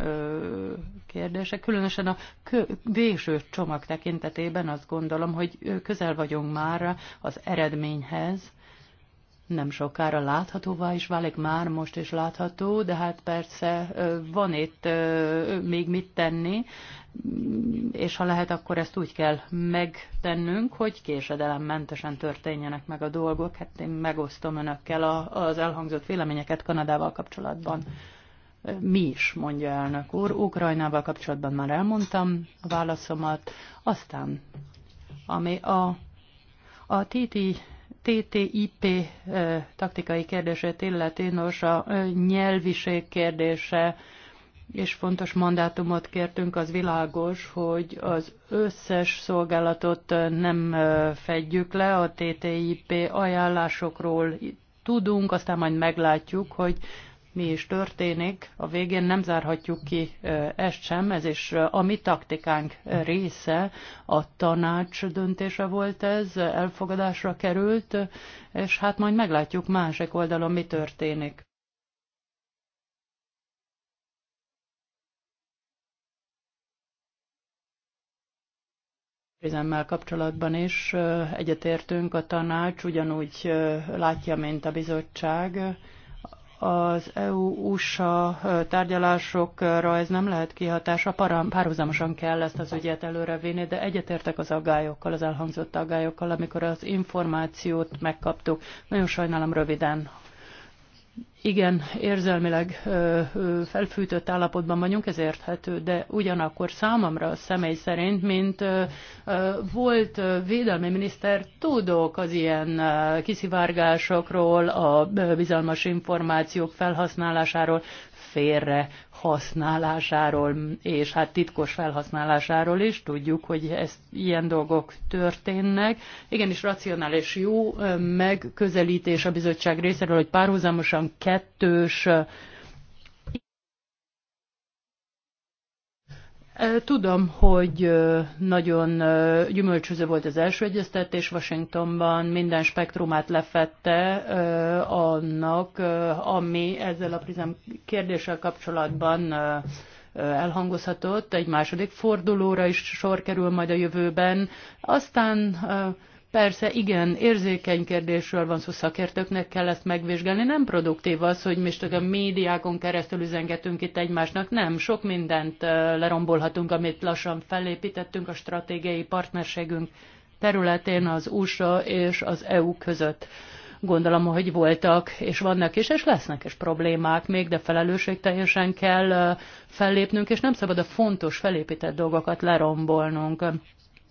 kérdése, különösen a végső csomag tekintetében azt gondolom, hogy közel vagyunk már az eredményhez, nem sokára láthatóvá is válik, már most is látható, de hát persze van itt még mit tenni, és ha lehet, akkor ezt úgy kell megtennünk, hogy késedelemmentesen történjenek meg a dolgok. Hát én megosztom önökkel az elhangzott véleményeket Kanadával kapcsolatban. Mi is, mondja elnök úr. Ukrajnával kapcsolatban már elmondtam a válaszomat. Aztán, ami a, a TTIP TTIP taktikai kérdését illeti, nos a nyelviség kérdése és fontos mandátumot kértünk, az világos, hogy az összes szolgálatot nem fedjük le, a TTIP ajánlásokról tudunk, aztán majd meglátjuk, hogy mi is történik, a végén nem zárhatjuk ki ezt sem, ez is a mi taktikánk része, a tanács döntése volt ez, elfogadásra került, és hát majd meglátjuk másik oldalon mi történik. Ezemmel kapcsolatban is egyetértünk, a tanács ugyanúgy látja, mint a bizottság az EU-USA tárgyalásokra ez nem lehet kihatása, parám, párhuzamosan kell ezt az ügyet előrevinni, de egyetértek az aggályokkal, az elhangzott aggályokkal, amikor az információt megkaptuk. Nagyon sajnálom röviden igen érzelmileg ö, ö, felfűtött állapotban vagyunk, ez érthető, de ugyanakkor számomra személy szerint, mint ö, ö, volt ö, védelmi miniszter, tudok az ilyen ö, kiszivárgásokról, a ö, bizalmas információk felhasználásáról, félre használásáról, és hát titkos felhasználásáról is. Tudjuk, hogy ezt, ilyen dolgok történnek. Igenis racionális jó megközelítés a bizottság részéről, hogy párhuzamosan kettős Tudom, hogy nagyon gyümölcsöző volt az első egyeztetés Washingtonban, minden spektrumát lefette annak, ami ezzel a prizem kérdéssel kapcsolatban elhangozhatott. Egy második fordulóra is sor kerül majd a jövőben. Aztán Persze, igen, érzékeny kérdésről van szó, szakértőknek kell ezt megvizsgálni. Nem produktív az, hogy mi csak a médiákon keresztül üzengetünk itt egymásnak. Nem, sok mindent lerombolhatunk, amit lassan felépítettünk a stratégiai partnerségünk területén az USA és az EU között. Gondolom, hogy voltak, és vannak is, és lesznek is problémák még, de teljesen kell fellépnünk, és nem szabad a fontos felépített dolgokat lerombolnunk.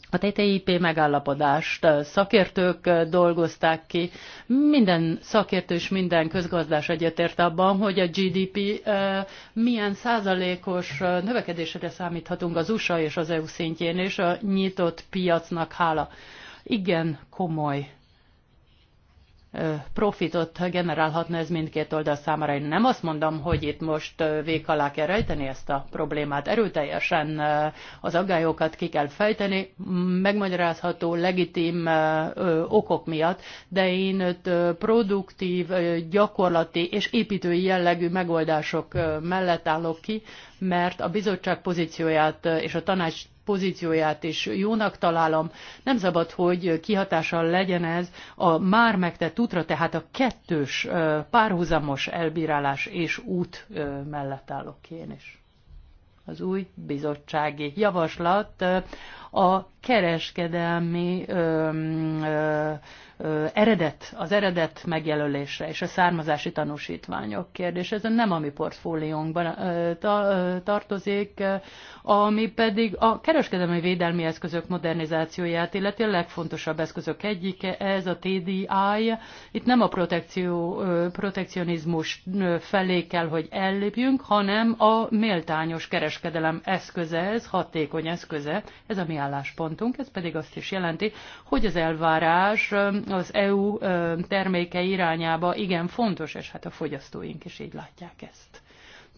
A TTIP megállapodást szakértők dolgozták ki. Minden szakértő és minden közgazdás egyetért abban, hogy a GDP milyen százalékos növekedésre számíthatunk az USA és az EU szintjén, és a nyitott piacnak hála. Igen komoly profitot generálhatna ez mindkét oldal számára. Én nem azt mondom, hogy itt most vék alá kell rejteni ezt a problémát. Erőteljesen az aggályokat ki kell fejteni, megmagyarázható, legitim okok miatt, de én öt produktív, gyakorlati és építői jellegű megoldások mellett állok ki, mert a bizottság pozícióját és a tanács pozícióját is jónak találom. Nem szabad, hogy kihatással legyen ez a már megtett útra, tehát a kettős párhuzamos elbírálás és út mellett állok én is. Az új bizottsági javaslat a kereskedelmi eredet, az eredet megjelölésre és a származási tanúsítványok kérdés. Ez nem a mi portfóliónkban tartozik, ami pedig a kereskedelmi védelmi eszközök modernizációját illeti a legfontosabb eszközök egyike, ez a TDI. Itt nem a protekció, protekcionizmus felé kell, hogy ellépjünk, hanem a méltányos kereskedelem eszköze, ez hatékony eszköze, ez a mi álláspontunk, ez pedig azt is jelenti, hogy az elvárás az EU terméke irányába igen fontos, és hát a fogyasztóink is így látják ezt.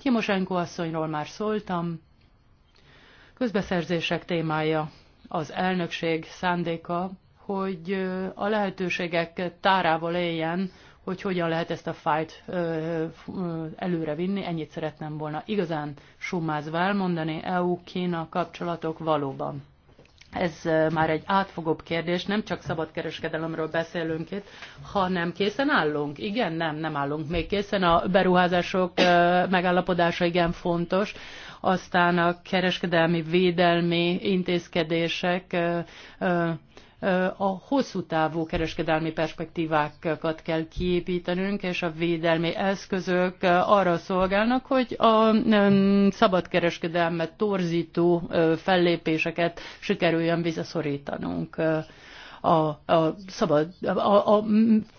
Timosenko asszonyról már szóltam. Közbeszerzések témája az elnökség szándéka, hogy a lehetőségek tárával éljen, hogy hogyan lehet ezt a fájt előrevinni. Ennyit szeretném volna igazán summázva elmondani. EU-Kína kapcsolatok valóban ez már egy átfogóbb kérdés, nem csak szabadkereskedelemről beszélünk itt, hanem készen állunk? Igen, nem, nem állunk még készen. A beruházások megállapodása igen fontos, aztán a kereskedelmi védelmi intézkedések a hosszú távú kereskedelmi perspektívákat kell kiépítenünk, és a védelmi eszközök arra szolgálnak, hogy a szabadkereskedelmet torzító fellépéseket sikerüljön visszaszorítanunk a, a, szabad, a, a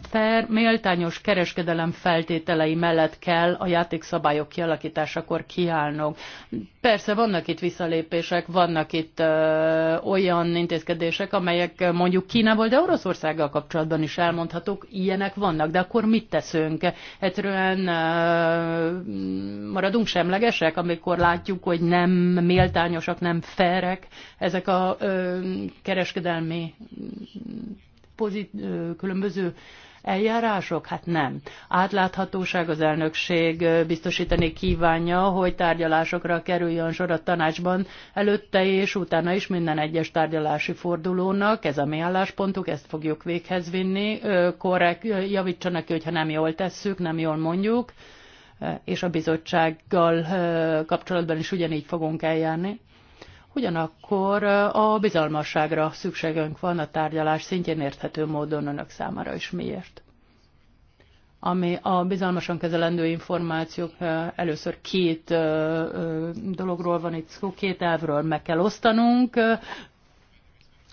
fair, méltányos kereskedelem feltételei mellett kell a játékszabályok kialakításakor kiállnunk. Persze vannak itt visszalépések, vannak itt ö, olyan intézkedések, amelyek mondjuk Kínából, de Oroszországgal kapcsolatban is elmondhatók, ilyenek vannak, de akkor mit teszünk? Egyszerűen ö, maradunk semlegesek, amikor látjuk, hogy nem méltányosak, nem ferek ezek a ö, kereskedelmi pozit, különböző eljárások? Hát nem. Átláthatóság az elnökség biztosítani kívánja, hogy tárgyalásokra kerüljön sor a tanácsban előtte és utána is minden egyes tárgyalási fordulónak. Ez a mi álláspontuk, ezt fogjuk véghez vinni. Korrekt, javítsanak ki, hogyha nem jól tesszük, nem jól mondjuk és a bizottsággal kapcsolatban is ugyanígy fogunk eljárni ugyanakkor a bizalmasságra szükségünk van a tárgyalás szintjén érthető módon önök számára is miért ami a bizalmasan kezelendő információk, először két dologról van itt szó, két elvről meg kell osztanunk,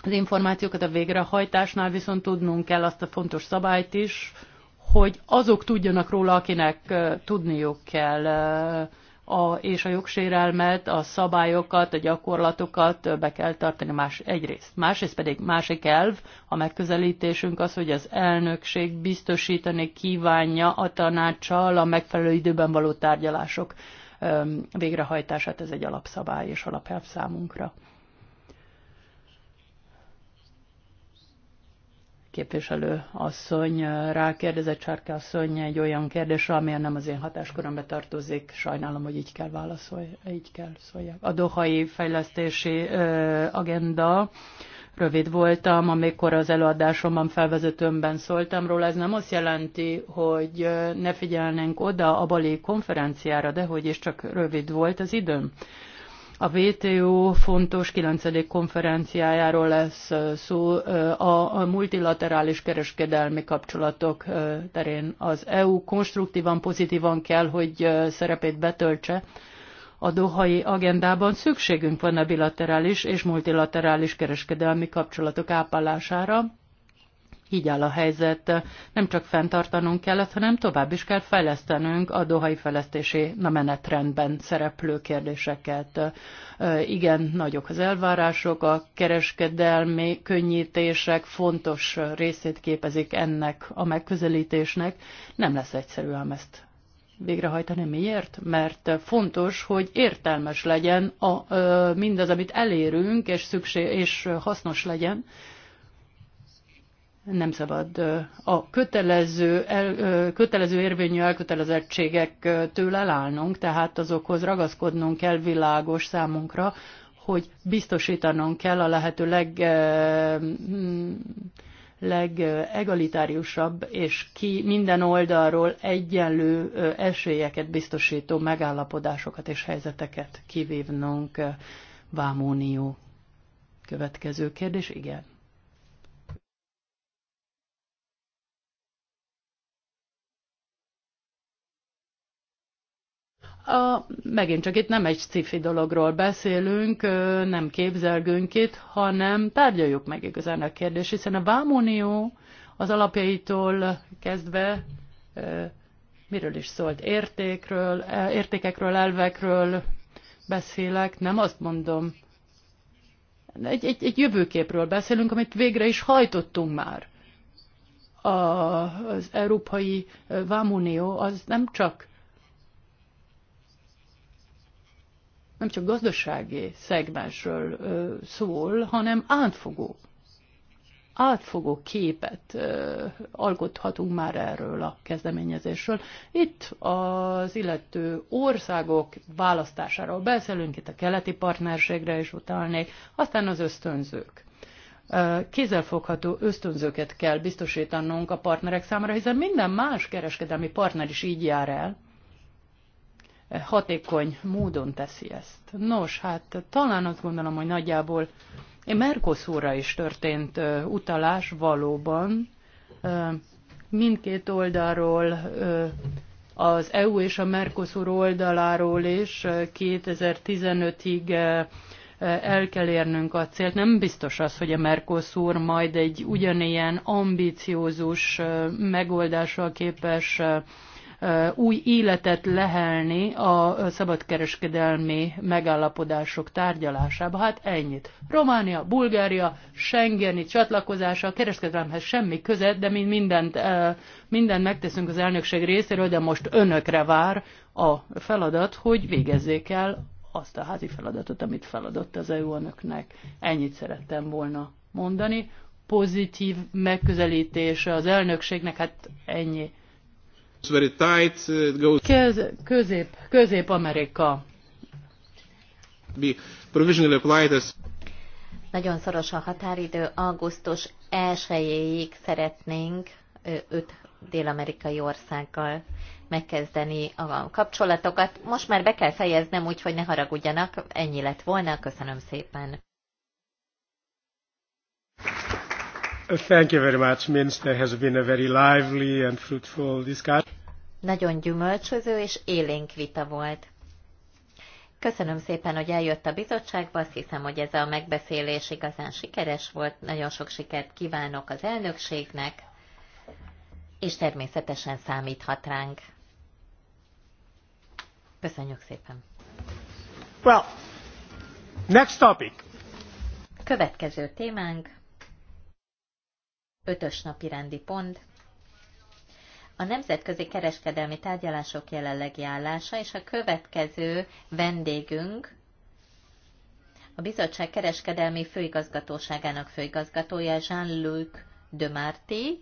az információkat a végrehajtásnál viszont tudnunk kell azt a fontos szabályt is, hogy azok tudjanak róla, akinek tudniuk kell a, és a jogsérelmet, a szabályokat, a gyakorlatokat be kell tartani más, egyrészt. Másrészt pedig másik elv, a megközelítésünk az, hogy az elnökség biztosítani kívánja a tanácssal a megfelelő időben való tárgyalások végrehajtását. Ez egy alapszabály és alapelv számunkra. képviselő asszony rákérdezett, Sárke asszony egy olyan kérdésre, amilyen nem az én hatáskörömbe tartozik. Sajnálom, hogy így kell válaszolj, így kell szóljak. A dohai fejlesztési agenda rövid voltam, amikor az előadásomban felvezetőmben szóltam róla. Ez nem azt jelenti, hogy ne figyelnénk oda a bali konferenciára, de hogy is csak rövid volt az időm. A WTO fontos 9. konferenciájáról lesz szó a multilaterális kereskedelmi kapcsolatok terén. Az EU konstruktívan, pozitívan kell, hogy szerepét betöltse a dohai agendában. Szükségünk van a bilaterális és multilaterális kereskedelmi kapcsolatok ápolására, így áll a helyzet. Nem csak fenntartanunk kellett, hanem tovább is kell fejlesztenünk a dohai fejlesztési na menetrendben szereplő kérdéseket. Igen, nagyok az elvárások, a kereskedelmi könnyítések fontos részét képezik ennek a megközelítésnek. Nem lesz egyszerű ám ezt végrehajtani. Miért? Mert fontos, hogy értelmes legyen a, mindaz, amit elérünk, és, szükség, és hasznos legyen nem szabad a kötelező, el, kötelező érvényű elkötelezettségektől elállnunk, tehát azokhoz ragaszkodnunk kell világos számunkra, hogy biztosítanunk kell a lehető leg, mm, legegalitáriusabb és ki minden oldalról egyenlő esélyeket biztosító megállapodásokat és helyzeteket kivívnunk. Vámónió. Következő kérdés, igen. A, megint csak itt nem egy cifi dologról beszélünk, nem képzelgünk itt, hanem tárgyaljuk meg igazán a kérdést, hiszen a Vámunió az alapjaitól kezdve miről is szólt, értékről, e, értékekről, elvekről beszélek, nem azt mondom, egy, egy, egy jövőképről beszélünk, amit végre is hajtottunk már. A, az Európai Vámunió az nem csak nem csak gazdasági szegmensről szól, hanem átfogó, átfogó képet alkothatunk már erről a kezdeményezésről. Itt az illető országok választásáról beszélünk, itt a keleti partnerségre is utalnék, aztán az ösztönzők kézzelfogható ösztönzőket kell biztosítanunk a partnerek számára, hiszen minden más kereskedelmi partner is így jár el, hatékony módon teszi ezt. Nos, hát talán azt gondolom, hogy nagyjából Mercosurra is történt utalás valóban mindkét oldalról az EU és a Mercosur oldaláról is 2015-ig el kell érnünk a célt. Nem biztos az, hogy a Mercosur majd egy ugyanilyen ambiciózus megoldással képes új életet lehelni a szabadkereskedelmi megállapodások tárgyalásába. Hát ennyit. Románia, Bulgária, Schengeni csatlakozása, a kereskedelemhez semmi köze, de mi mindent, mindent megteszünk az elnökség részéről, de most önökre vár a feladat, hogy végezzék el azt a házi feladatot, amit feladott az EU önöknek. Ennyit szerettem volna mondani. Pozitív megközelítése az elnökségnek, hát ennyi. Uh, közép, Közép-Amerika. Nagyon szoros a határidő, augusztus 1-ig szeretnénk öt dél-amerikai országgal megkezdeni a kapcsolatokat. Most már be kell fejeznem, úgyhogy ne haragudjanak, ennyi lett volna, köszönöm szépen. Thank you very much, Minister. Has been a very lively and fruitful discussion. Nagyon gyümölcsöző és élénk vita volt. Köszönöm szépen, hogy eljött a bizottságba, azt hiszem, hogy ez a megbeszélés igazán sikeres volt. Nagyon sok sikert kívánok az elnökségnek, és természetesen számíthat ránk. Köszönjük szépen. Well, next topic. Következő témánk. Ötös napi rendi pont. A nemzetközi kereskedelmi tárgyalások jelenlegi állása és a következő vendégünk a bizottság kereskedelmi főigazgatóságának főigazgatója Jean-Luc de Marti,